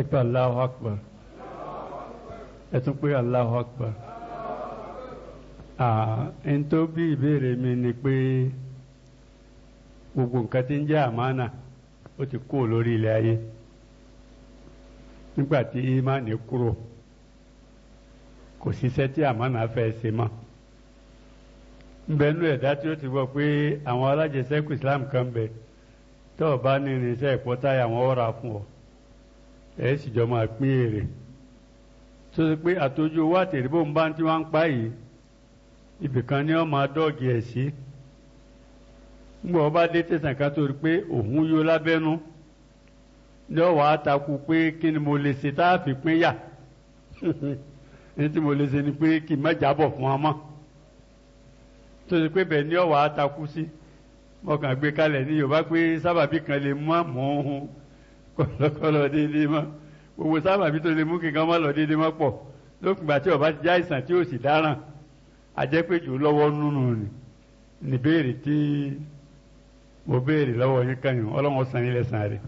ẹ pé aláhu akbar ẹ tún pé aláhu akbar ẹn tó bí ìbéèrè mi ni pé. Pe gbogbo nǹkan tí ń jẹ́ àmánà ó ti kó lórí ilẹ̀ ayé nígbà tí ìmánì kúrò kò síṣẹ́ tí àmánà fẹ́ ṣe mọ́ nbẹnu ẹ̀dá tí ó ti gbọ́ pé àwọn alájẹsẹ́kù Islam kan bẹ tó o bá ní irinṣẹ́ ìpọ́táyà wọn ọ̀rà fún ọ sì jọ máa pín èrè tó pé owó bá tí wọ́n ń pa gbọ́n ọba dé tẹ̀sán ká tó rí pé òun yó lábẹ́nú ní ọ̀wá takú pé kí ni mo lè ṣe tá pín yà ní tí mo lè ṣe ni pé kí n má jábọ̀ fún ọmọ tó ṣe pé bẹ́ẹ̀ ní ọ̀wá takú sí mọ̀kàn gbé kalẹ̀ ní yorùbá pé sábàbí kan lè mú àmọ́ ohun kọ̀lọ́kọ̀lọ́ déédéé mọ́ gbogbo sábàbí tó lè mú kíkan má lọ déédéé mọ́ pọ̀ lókùngbà tí ọba ti já ìsàn tí ò sì dáràn àjẹpẹ́jù lọ́wọ́ nínú ni tí mo béèrè lọ́wọ́ yín kàn yín ọlọ́run san yín lẹ́sàn rẹ̀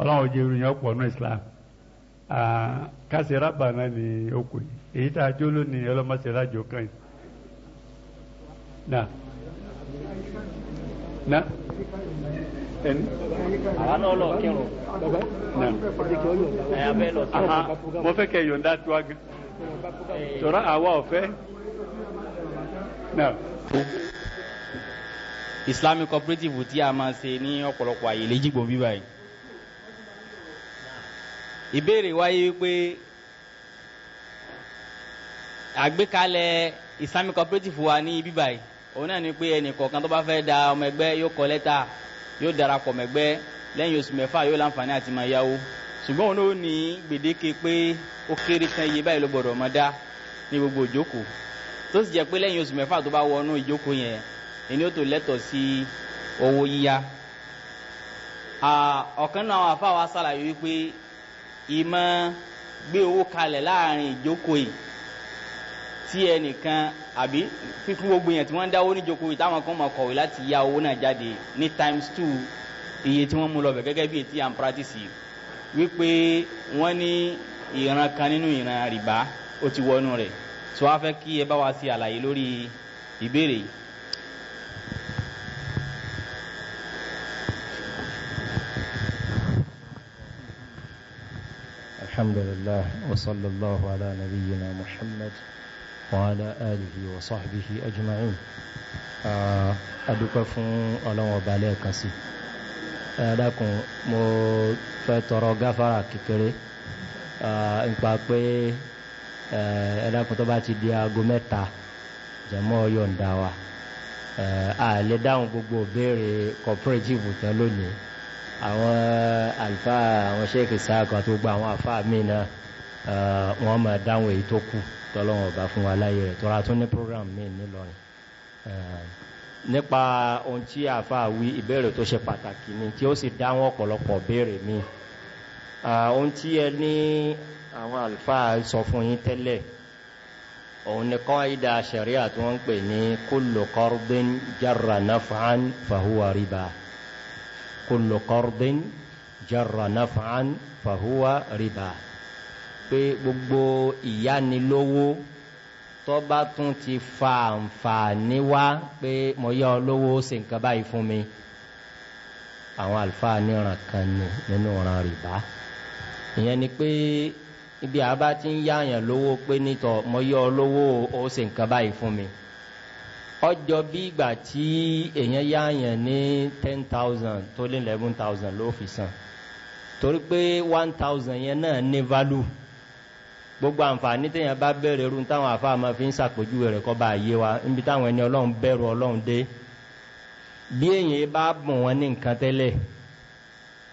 ọlọ́run jẹ́ irú yẹn ọ̀pọ̀ ní islam kásì rábà náà ni ó yìí èyí tá a jó lónìí ọlọ́mọṣẹ́ rájò kàn yín. na na ẹni. àwa náà lọ kírun. na ẹ abẹ́ lọ sí. mo fẹ́ kẹ́ yọ̀ǹda tó a gan. sọ̀rọ̀ àwa ọ̀fẹ́. na islamic cooperative tí a máa ṣe ní ọ̀pọ̀lọpọ̀ àyè léjìgbò bíbá yìí. ìbéèrè wáyé wípé àgbékalẹ̀ islamic cooperative wa ní bíbá yìí òun náà ni pé ẹnìkọ̀ọ̀kan tó bá fẹ́ da ọmọ ẹgbẹ́ yóò kọ lẹ́tà yóò darapọ̀ ọmọ ẹgbẹ́ lẹ́yìn oṣù mẹ́fà yóò láǹfààní àti máa yáwó ṣùgbọ́n òun náà ní gbèdéke pé ó kéré tán iye báyìí ló gbọ́dọ̀ ọmọ dá ní gbogbo ìjókòó tó sì jẹ́ pé lẹ́yìn oṣù mẹ́fà tó bá wọnú ìjókòó yẹn ìní ó tó lẹ́tọ̀ sí owó yíyá ọ̀kan náà àwọn afáwa ṣàlàyé wípé ìmọ̀ gbé owó kalẹ̀ láàrin ìjókòó yìí tí ẹnìkan àbí fífún gbogbo yẹn tí wọ́n ń dáwó níjókòó yìí táwọn kan máa kọ̀wé láti ya owó náà jáde ní times two iye tí wọ́n mú lọ bẹ̀ gẹ́gẹ́ bí etí and practice yìí wípé wọ́n ní ìran kan nínú ìran rìbá ó ti wọnú rẹ̀ tí wọ́n á fẹ́ kí ẹ bá wa ṣe àlàyé lórí ìbéèrè yìí. الحمد لله وصلى الله على نبينا محمد وعلى آله وصحبه أجمعين adúpẹ́ fún ọlọ́wọ̀n ọba lẹ́ẹ̀kan sí ẹ̀ẹ́dẹ́kùn mo fẹ́ tọrọ gáfàrà kékeré ah, nípa pé eh, ẹ̀ẹ́dẹ́kùn tó bá ti di aago mẹ́ta jẹ̀mọ́ yọ̀ǹda wa eh, a lè dáhùn gbogbo ìbéèrè cooperative tán lónìí àwọn alfa àwọn sheikh isaaka tó gba àwọn afa mi náà eh, wọ́n máa dáhùn èyí tó kù tọ́lọ́wọ́n bá fún wa láyé rẹ̀ tọ́ra tún ní program mi nílọrin eh, nípa ohun tí àfa wí ìbéèrè tó ṣe pàtàkì ni tí ó sì dáhùn ọ̀pọ̀lọpọ̀ béèrè mi kullu qardin jarra naf'an fahuwa riba pé gbogbo ìyánilówó tó bá tún ti fa àǹfààní wá pé mo yá ọ lówó ó ṣe nǹkan báyìí fún mi àwọn àlùfáà níran kan ni nínú ọ̀ràn rìbá ìyẹn ni pé ibi àbá ti ń yáyàn lówó pé nítọ̀ mo yá ọ lówó ó ṣe nǹkan báyìí mi ọjọ́ bí ìgbà tí èyàn yáyàn ní 10,000 tó lé 11,000 ló fi san torí pé 1,000 yẹn náà ní value gbogbo àǹfààní tèyàn bá bẹ̀rẹ̀ rú táwọn àfáà fi ń sàpèjúwe rẹ̀ kọ́ bá yé wa níbi táwọn ẹni ọlọ́run bẹ̀rù ọlọ́run dé bí èyàn bá bùn wọn ní nǹkan tẹ́lẹ̀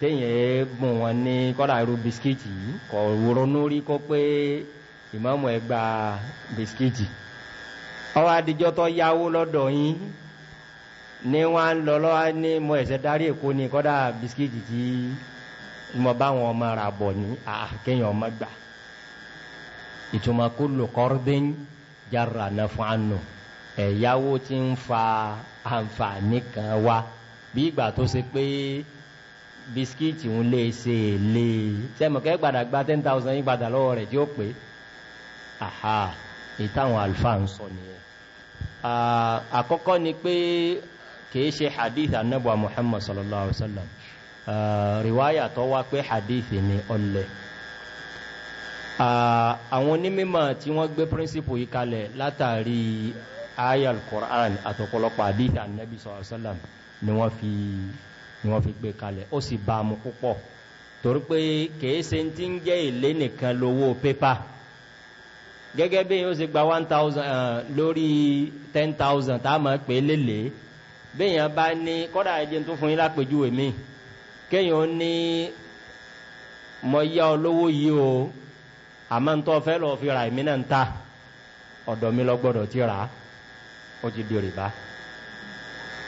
téèyàn bùn wọn ní kọ́dà irú bisikíìtì yìí kọ̀ ronú rí kó pé ìmọ̀ọ́mù ẹgbàá bisikíìtì ọwọ́ adijọ́ tó yáwó lọ́dọ̀ yín ní wọ́n ń lọ lọ́wọ́ ní mo ẹ̀sẹ̀ darí èkó ni kọ́dà bisikíìtì tí mo bá wọn ọmọ rà bọ̀ ní àkéèyàn ọmọ gbà ìtumọ̀ kó lò kọ́rọ́bẹ́ń jára náà fún ẹ̀yáwó tí ń fa àǹfààní kan wá bí ìgbà tó ṣe pé bisikíìtì ń lè ṣe èlé sẹ́mọ̀kẹ́ gbàdàgbà ten thousand yín padà lọ́wọ́ rẹ̀ tí ó pé aha ìtàwọn àlùfáà ń sọ nìyẹn àkọ́kọ́ ni pé kìí ṣe hadith annabuwa muhammad sallallahu alaihi wasallam riwaya tó wá pé hadith ni ọlẹ̀ àwọn onímọ̀ tí wọ́n gbé príncipù yí kalẹ̀ látàrí ayal quran àtọ̀pọ̀lọpọ̀ hadith annabi sallallahu alaihi wasallam ni wọ́n fi ni wọ́n fi gbé kalẹ̀ ó sì bá mú púpọ̀ torí pé kìí ṣe ti ń jẹ́ ilé nìkan lówó pépà gẹ́gẹ́ bí yíó ṣe gba 1000 lórí 10000 tá mọ̀ pé lélè bíyàn bá ní kọ́dà ẹjẹ́ tó fún yín lápèjúwe mi kéyàn ó ní mọ̀ yá olówó yìí o àmọ́ ń tọ́ fẹ́ lọ fi ra ìmínà ń ta ọ̀dọ̀ mi lọ gbọ́dọ̀ ti rà ó ti di rìbá.